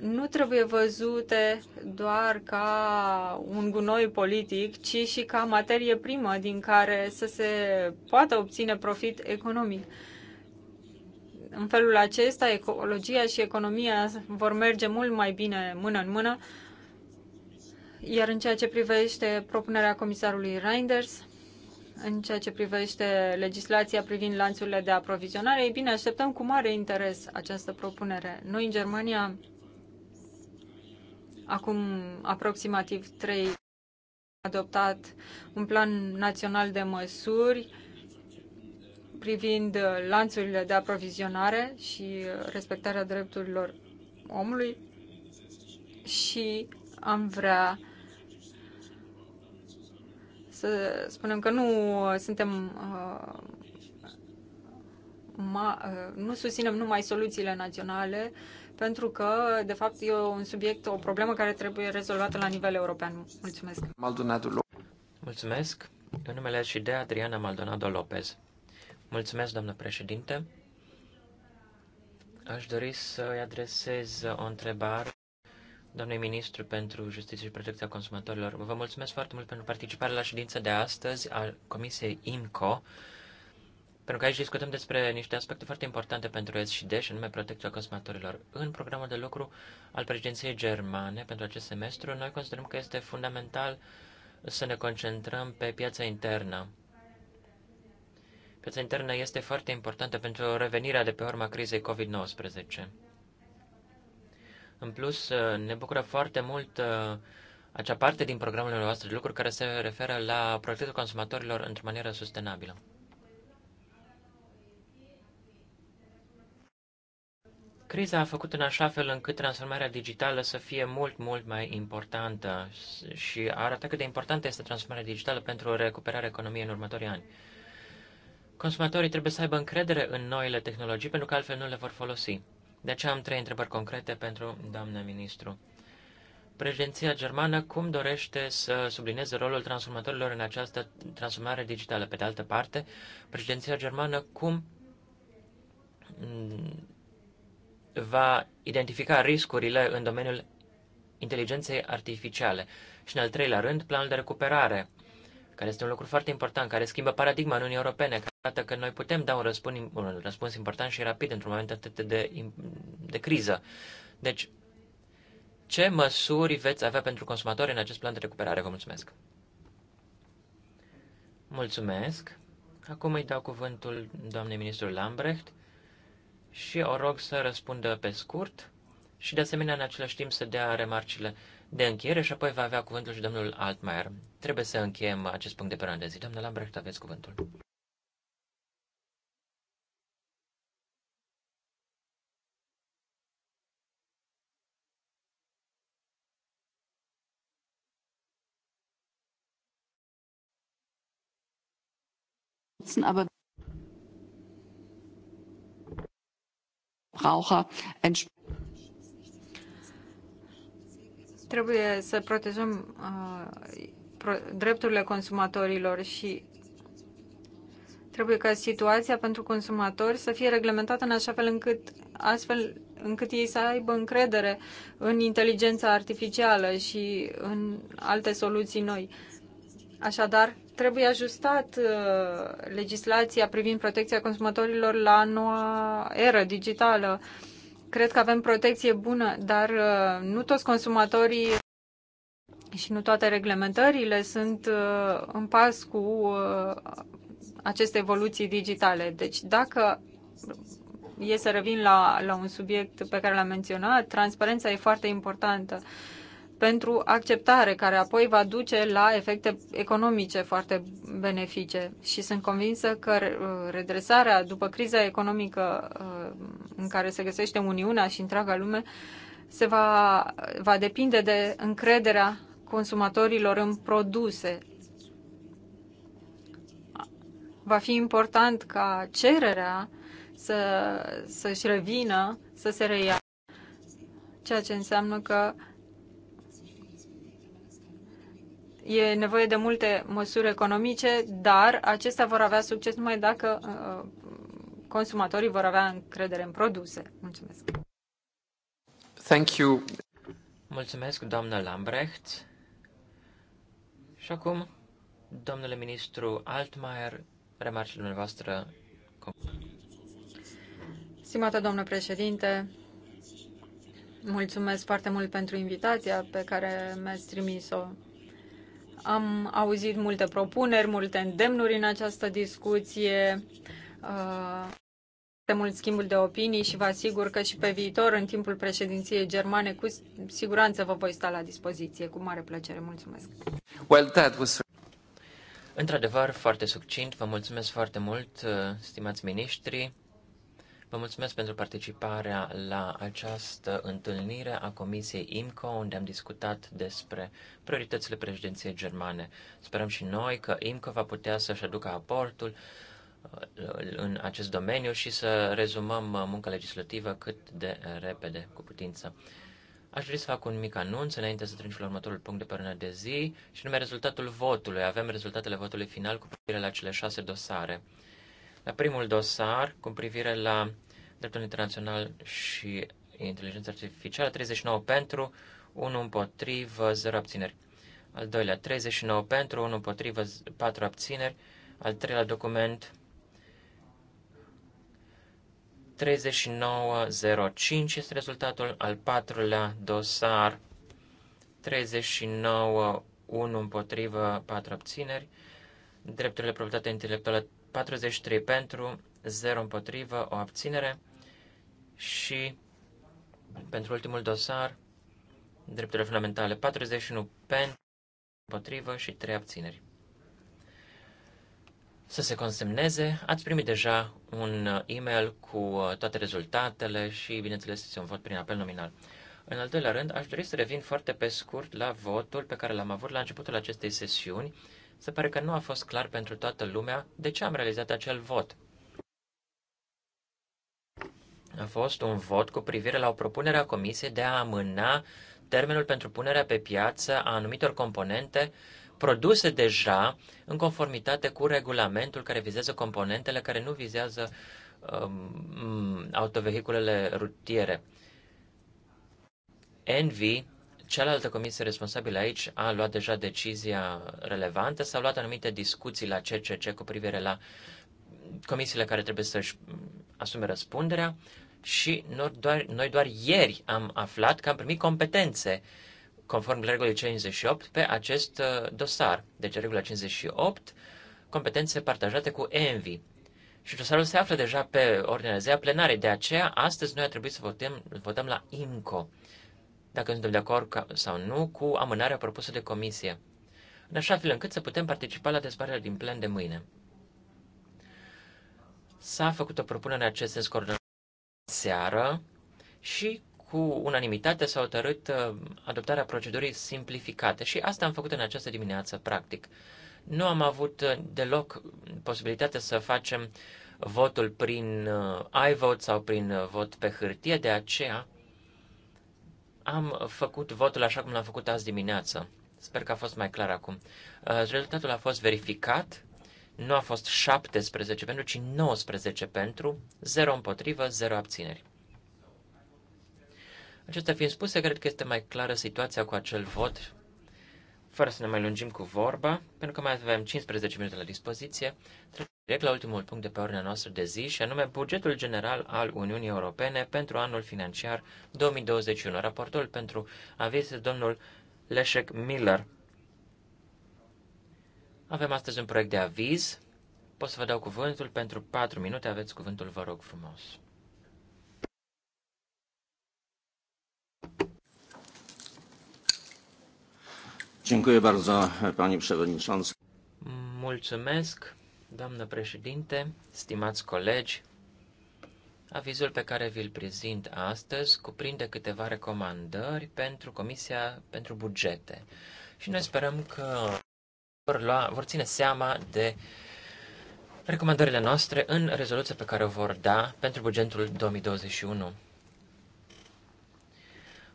nu trebuie văzute doar ca un gunoi politic, ci și ca materie primă din care să se poată obține profit economic. În felul acesta, ecologia și economia vor merge mult mai bine mână în mână iar în ceea ce privește propunerea comisarului Reinders, în ceea ce privește legislația privind lanțurile de aprovizionare, ei bine, așteptăm cu mare interes această propunere. Noi în Germania, acum aproximativ trei adoptat un plan național de măsuri privind lanțurile de aprovizionare și respectarea drepturilor omului și am vrea să spunem că nu suntem uh, ma, uh, nu susținem numai soluțiile naționale, pentru că, de fapt, e un subiect, o problemă care trebuie rezolvată la nivel european. Mulțumesc! Maldonado Mulțumesc! În numele și de Adriana Maldonado Lopez. Mulțumesc, doamnă președinte! Aș dori să-i adresez o întrebare domnului ministru pentru justiție și protecția consumatorilor. Vă mulțumesc foarte mult pentru participarea la ședința de astăzi a Comisiei IMCO, pentru că aici discutăm despre niște aspecte foarte importante pentru S și D, și anume protecția consumatorilor. În programul de lucru al președinției germane pentru acest semestru, noi considerăm că este fundamental să ne concentrăm pe piața internă. Piața internă este foarte importantă pentru revenirea de pe urma crizei COVID-19. În plus, uh, ne bucură foarte mult uh, acea parte din programul noastre de lucruri care se referă la protecția consumatorilor într-o manieră sustenabilă. Criza a făcut în așa fel încât transformarea digitală să fie mult, mult mai importantă și arată cât de importantă este transformarea digitală pentru recuperarea economiei în următorii ani. Consumatorii trebuie să aibă încredere în noile tehnologii pentru că altfel nu le vor folosi. De aceea am trei întrebări concrete pentru doamna ministru. Președinția germană cum dorește să sublinieze rolul transformatorilor în această transformare digitală? Pe de altă parte, președinția germană cum mm, va identifica riscurile în domeniul inteligenței artificiale? Și în al treilea rând, planul de recuperare, care este un lucru foarte important, care schimbă paradigma în Uniunea Europene, iată că noi putem da un răspuns, un răspuns important și rapid într-un moment atât de, de criză. Deci, ce măsuri veți avea pentru consumatori în acest plan de recuperare? Vă mulțumesc! Mulțumesc! Acum îi dau cuvântul doamnei ministru Lambrecht și o rog să răspundă pe scurt și de asemenea în același timp să dea remarcile de încheiere și apoi va avea cuvântul și domnul Altmaier. Trebuie să încheiem acest punct de perioadă de zi. Doamna Lambrecht, aveți cuvântul. nutzen, aber Verbraucher entsprechend trebuie să protejăm uh, drepturile consumatorilor și trebuie ca situația pentru consumatori să fie reglementată în așa fel încât astfel încât ei să aibă încredere în inteligența artificială și în alte soluții noi. Uh, Așadar, trebuie ajustat uh, legislația privind protecția consumatorilor la noua eră digitală. Cred că avem protecție bună, dar uh, nu toți consumatorii și nu toate reglementările sunt uh, în pas cu uh, aceste evoluții digitale. Deci, dacă e să revin la, la un subiect pe care l-am menționat, transparența e foarte importantă. Uh, pentru acceptare, care apoi va duce la efecte economice foarte benefice. Și sunt convinsă că uh, redresarea după criza economică uh, în care se găsește Uniunea și întreaga lume se va, va depinde de încrederea consumatorilor în produse. Va fi important ca cererea să, să-și revină, să se reia, ceea ce înseamnă că E nevoie de multe măsuri economice, dar acestea vor avea succes numai dacă uh, consumatorii vor avea încredere în produse. Mulțumesc! Thank you! Mulțumesc, doamnă Lambrecht! Și acum, domnule ministru Altmaier, remarcile dumneavoastră. Stimată domnule președinte, mulțumesc foarte mult pentru invitația pe care mi-ați trimis-o am auzit multe propuneri, multe îndemnuri în această discuție, foarte uh, mult schimbul de opinii și vă asigur că și pe viitor, în timpul președinției germane, cu siguranță vă voi sta la dispoziție. Cu mare plăcere. Mulțumesc! Well, that was... Într-adevăr, foarte succint. Vă mulțumesc foarte mult, uh, stimați miniștri. Vă mulțumesc pentru participarea la această întâlnire a Comisiei IMCO, unde am discutat despre prioritățile președinției germane. Sperăm și noi că IMCO va putea să-și aducă aportul uh, în acest domeniu și să rezumăm uh, munca legislativă cât de repede, cu putință. Aș vrea să fac un mic anunț înainte să trecem la următorul punct de pe de zi, și nume rezultatul votului. Avem rezultatele votului final cu privire la cele șase dosare. La primul dosar, cu privire la dreptul internațional și inteligența artificială, 39 pentru, 1 împotrivă, 0 abțineri. Al doilea, 39 pentru, 1 împotrivă, 4 abțineri. Al treilea document, 3905 este rezultatul. Al patrulea dosar, 39 împotrivă, 4 abțineri. Drepturile proprietate intelectuală 43 pentru, 0 împotrivă, o abținere și pentru ultimul dosar, drepturile fundamentale, 41 pentru, împotrivă și 3 abțineri. Să se consemneze, ați primit deja un e-mail cu uh, toate rezultatele și, bineînțeles, este un vot prin apel nominal. În al doilea rând, aș dori să revin foarte pe scurt la votul pe care l-am avut la începutul acestei sesiuni, se pare că nu a fost clar pentru toată lumea de ce am realizat acel vot. A fost un vot cu privire la o propunere a Comisiei de a amâna termenul pentru punerea pe piață a anumitor componente produse deja în conformitate cu regulamentul care vizează componentele care nu vizează um, autovehiculele rutiere. Envy Cealaltă comisie responsabilă aici a luat deja decizia relevantă, s-au luat anumite discuții la CCC cu privire la comisiile care trebuie să-și asume răspunderea și noi doar, noi doar ieri am aflat că am primit competențe conform regulii 58 pe acest uh, dosar. Deci regula 58, competențe partajate cu ENVI. Și dosarul se află deja pe ordinea de zi a plenarei, de aceea astăzi noi a trebuit să votăm, votăm la IMCO dacă suntem de acord sau nu cu amânarea propusă de comisie, în așa fel încât să putem participa la dezbaterea din plen de mâine. S-a făcut o propunere în acest sens coordonat seară și cu unanimitate s-a hotărât uh, adoptarea procedurii simplificate și asta am făcut în această dimineață, practic. Nu am avut uh, deloc posibilitatea să facem votul prin uh, iVote sau prin vot pe hârtie, de aceea am făcut votul așa cum l-am făcut azi dimineață. Sper că a fost mai clar acum. Uh, rezultatul a fost verificat. Nu a fost 17 pentru, ci 19 pentru, 0 împotrivă, 0 abțineri. Acestea fiind spuse, cred că este mai clară situația cu acel vot, fără să ne mai lungim cu vorba, pentru că mai avem 15 minute la dispoziție direct la ultimul punct de pe ordinea noastră de zi, și anume bugetul general al Uniunii Europene pentru anul financiar 2021. Raportul pentru avise domnul Leszek Miller. Avem astăzi un proiect de aviz. Pot să vă dau cuvântul pentru 4 minute. Aveți cuvântul, vă rog frumos. Mulțumesc, Doamnă președinte, stimați colegi, avizul pe care vi-l prezint astăzi cuprinde câteva recomandări pentru Comisia pentru Bugete și noi sperăm că vor, lua, vor ține seama de recomandările noastre în rezoluția pe care o vor da pentru bugetul 2021.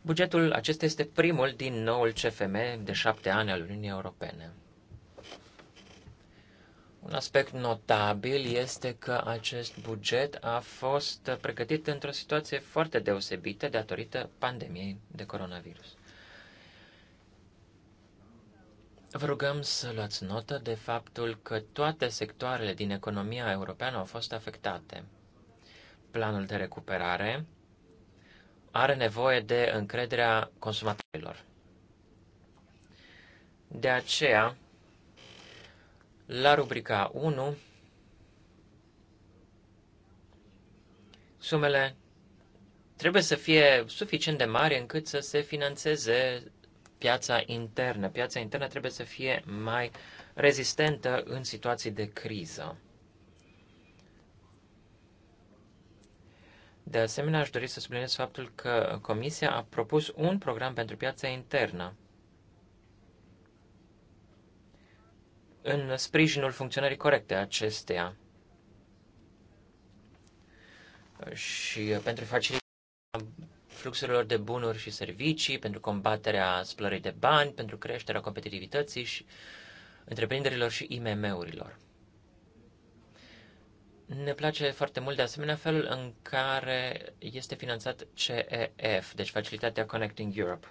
Bugetul acesta este primul din noul CFM de șapte ani al Uniunii Europene. Un aspect notabil este că acest buget a fost pregătit într-o situație foarte deosebită datorită pandemiei de coronavirus. Vă rugăm să luați notă de faptul că toate sectoarele din economia europeană au fost afectate. Planul de recuperare are nevoie de încrederea consumatorilor. De aceea, la rubrica 1, sumele trebuie să fie suficient de mari încât să se financeze piața internă. Piața internă trebuie să fie mai rezistentă în situații de criză. De asemenea, aș dori să subliniez faptul că Comisia a propus un program pentru piața internă. în sprijinul funcționării corecte acesteia și pentru facilitarea fluxurilor de bunuri și servicii, pentru combaterea splării de bani, pentru creșterea competitivității și întreprinderilor și IMM-urilor. Ne place foarte mult de asemenea felul în care este finanțat CEF, deci Facilitatea Connecting Europe.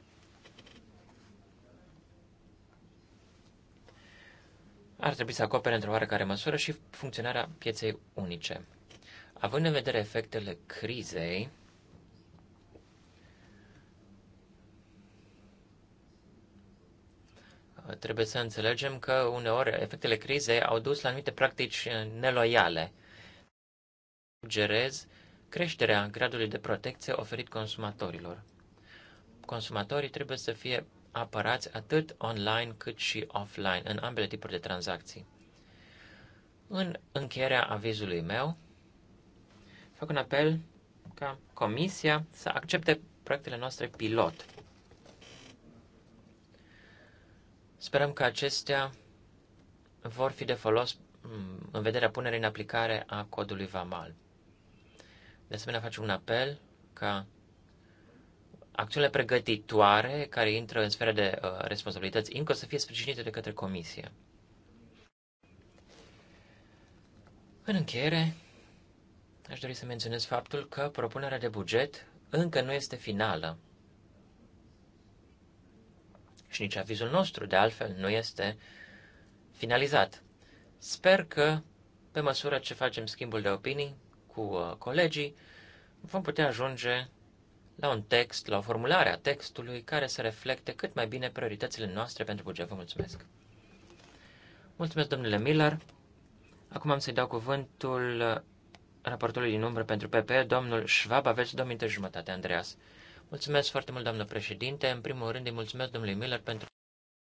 ar trebui să acopere într-o oarecare măsură și funcționarea pieței unice. Având în vedere efectele crizei, trebuie să înțelegem că uneori efectele crizei au dus la anumite practici neloiale. Sugerez creșterea gradului de protecție oferit consumatorilor. Consumatorii trebuie să fie apărați atât online cât și offline, în ambele tipuri de tranzacții. În încheierea avizului meu, fac un apel ca Comisia să accepte proiectele noastre pilot. Sperăm că acestea vor fi de folos mm, în vederea punerii în aplicare a codului VAMAL. De asemenea, facem un apel ca acțiunile pregătitoare care intră în sfera de uh, responsabilități o să fie sprijinite de către comisie. În încheiere, aș dori să menționez faptul că propunerea de buget încă nu este finală. Și nici avizul nostru, de altfel, nu este finalizat. Sper că, pe măsură ce facem schimbul de opinii cu uh, colegii, vom putea ajunge la un text, la o formulare a textului care să reflecte cât mai bine prioritățile noastre pentru buget. Vă mulțumesc! Mulțumesc, domnule Miller. Acum am să-i dau cuvântul raportului din umbră pentru PP, domnul Schwab. Aveți două minute jumătate, Andreas. Mulțumesc foarte mult, domnul președinte. În primul rând îi mulțumesc domnului Miller pentru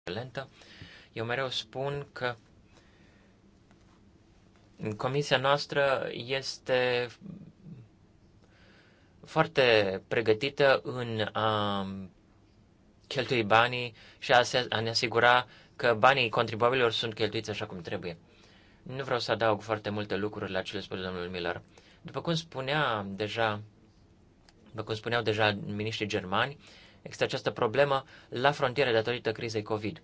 excelentă. Eu mereu spun că comisia noastră este foarte pregătită în a cheltui banii și a, se, a ne asigura că banii contribuabililor sunt cheltuiți așa cum trebuie. Nu vreau să adaug foarte multe lucruri la cele spuse domnul Miller. După cum spunea deja, după cum spuneau deja miniștrii germani, există această problemă la frontiere datorită crizei COVID.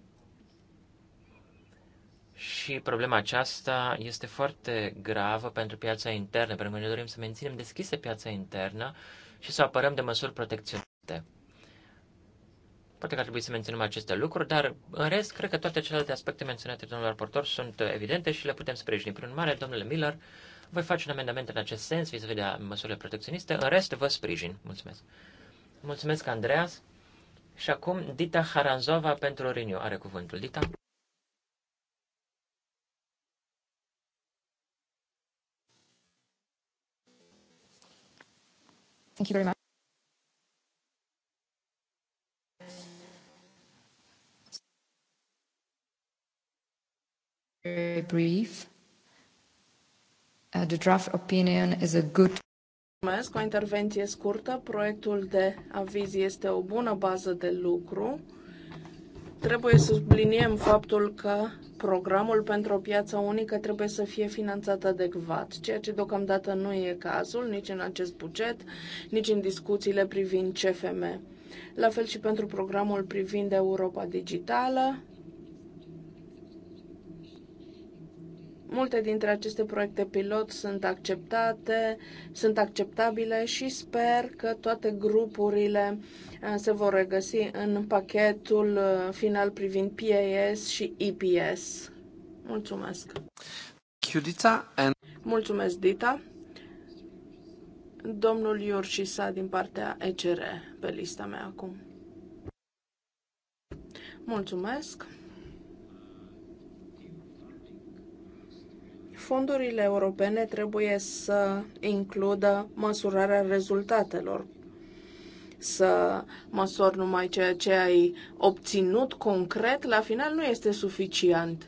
Și problema aceasta este foarte gravă pentru piața internă, pentru că ne dorim să menținem deschisă piața internă și să apărăm de măsuri protecționiste. Poate că ar trebui să menținem aceste lucruri, dar în rest, cred că toate celelalte aspecte menționate de domnul raportor sunt evidente și le putem sprijini. Prin urmare, domnule Miller, voi face un amendament în acest sens vis-a-vis de măsurile protecționiste. În rest, vă sprijin. Mulțumesc. Mulțumesc, Andreas. Și acum, Dita Haranzova pentru Renew are cuvântul. Dita? Thank you very much. Very brief. Uh, the draft opinion is a good Mulțumesc, o intervenție scurtă. Proiectul de aviz este o bună bază de lucru Trebuie să subliniem faptul că programul pentru o piață unică trebuie să fie finanțat adecvat, ceea ce deocamdată nu e cazul nici în acest buget, nici în discuțiile privind CFM. La fel și pentru programul privind Europa Digitală, Multe dintre aceste proiecte pilot sunt acceptate, sunt acceptabile și sper că toate grupurile uh, se vor regăsi în pachetul uh, final privind PAS și EPS. Mulțumesc! Chiudița and... Mulțumesc, Dita! Domnul Iorșisa din partea ECR pe lista mea acum. Mulțumesc! Fondurile europene trebuie să includă măsurarea rezultatelor, să măsori numai ceea ce ai obținut concret, la final nu este suficient.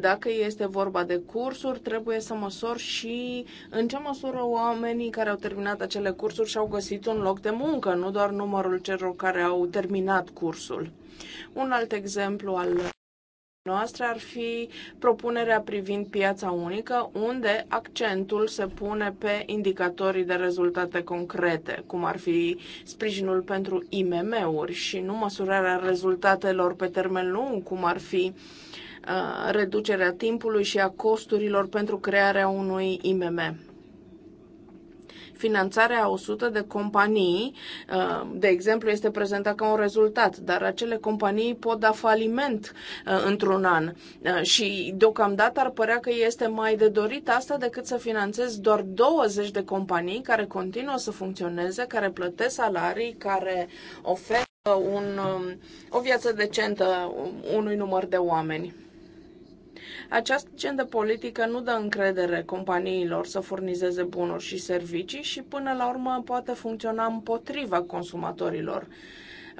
Dacă este vorba de cursuri, trebuie să măsori și în ce măsură oamenii care au terminat acele cursuri și-au găsit un loc de muncă, nu doar numărul celor care au terminat cursul. Un alt exemplu al noastră ar fi propunerea privind piața unică, unde accentul se pune pe indicatorii de rezultate concrete, cum ar fi sprijinul pentru IMM-uri și nu măsurarea rezultatelor pe termen lung, cum ar fi uh, reducerea timpului și a costurilor pentru crearea unui IMM. Finanțarea a 100 de companii, uh, de exemplu, este prezentat ca un rezultat, dar acele companii pot da faliment uh, într-un an uh, și deocamdată ar părea că este mai de dorit asta decât să finanțezi doar 20 de companii care continuă să funcționeze, care plătesc salarii, care oferă un, um, o viață decentă unui număr de oameni. Această agendă politică nu dă încredere companiilor să furnizeze bunuri și servicii și până la urmă poate funcționa împotriva consumatorilor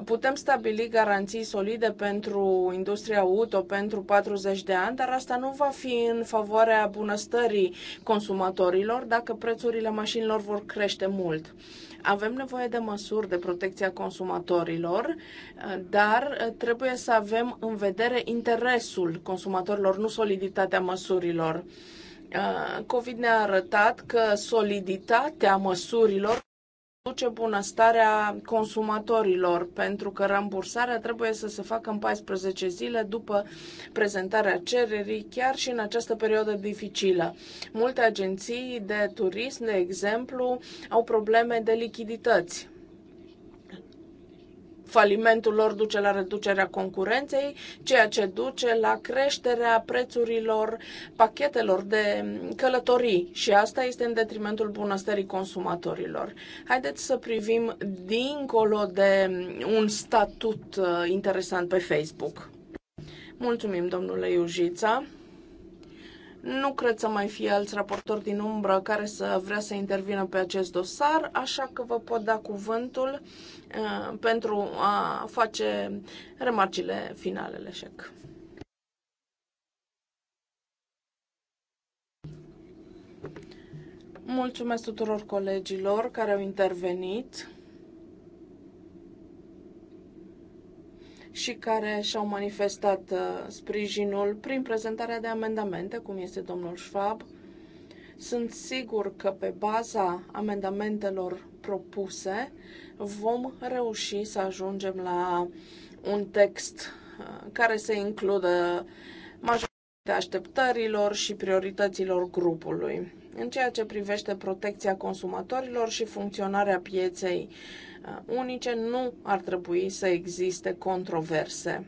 putem stabili garanții solide pentru industria auto pentru 40 de ani, dar asta nu va fi în favoarea bunăstării consumatorilor dacă prețurile mașinilor vor crește mult. Avem nevoie de măsuri de protecție a consumatorilor, uh, dar uh, trebuie să avem în vedere interesul consumatorilor, nu soliditatea măsurilor. Uh, COVID ne-a arătat că soliditatea măsurilor duce bunăstarea consumatorilor, pentru că rambursarea trebuie să se facă în 14 zile după prezentarea cererii, chiar și în această perioadă dificilă. Multe agenții de turism, de exemplu, au probleme de lichidități falimentul lor duce la reducerea concurenței, ceea ce duce la creșterea prețurilor pachetelor de călătorii și asta este în detrimentul bunăstării consumatorilor. Haideți să privim dincolo de un statut uh, interesant pe Facebook. Mulțumim, domnule Iujița. Nu cred să mai fie alți raportori din umbră care să vrea să intervină pe acest dosar, așa că vă pot da cuvântul Uh, pentru a face remarcile finalele leșec. Mulțumesc tuturor colegilor care au intervenit și care și-au manifestat uh, sprijinul prin prezentarea de amendamente, cum este domnul Schwab. Sunt sigur că pe baza amendamentelor propuse, vom reuși să ajungem la un text uh, care să includă majoritatea așteptărilor și priorităților grupului. În ceea ce privește protecția consumatorilor și funcționarea pieței uh, unice, nu ar trebui să existe controverse.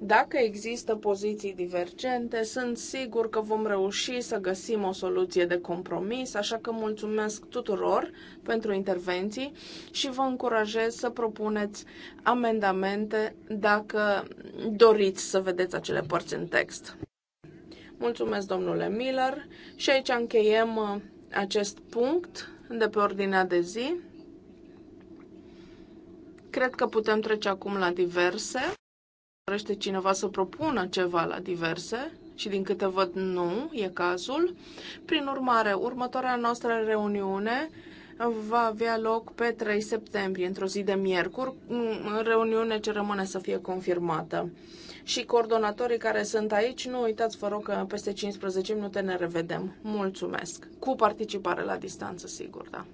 Dacă există poziții divergente, sunt sigur că vom reuși să găsim o soluție de compromis, așa că mulțumesc tuturor pentru intervenții și vă încurajez să propuneți amendamente dacă doriți să vedeți acele părți în text. Mulțumesc, domnule Miller, și aici încheiem uh, acest punct de pe ordinea de zi. Cred că putem trece acum la diverse dorește cineva să propună ceva la diverse și din câte văd nu e cazul. Prin urmare, următoarea noastră reuniune va avea loc pe 3 septembrie, într-o zi de miercuri, reuniune ce rămâne să fie confirmată. Și coordonatorii care sunt aici, nu uitați, vă rog, că peste 15 minute ne revedem. Mulțumesc! Cu participare la distanță, sigur, da.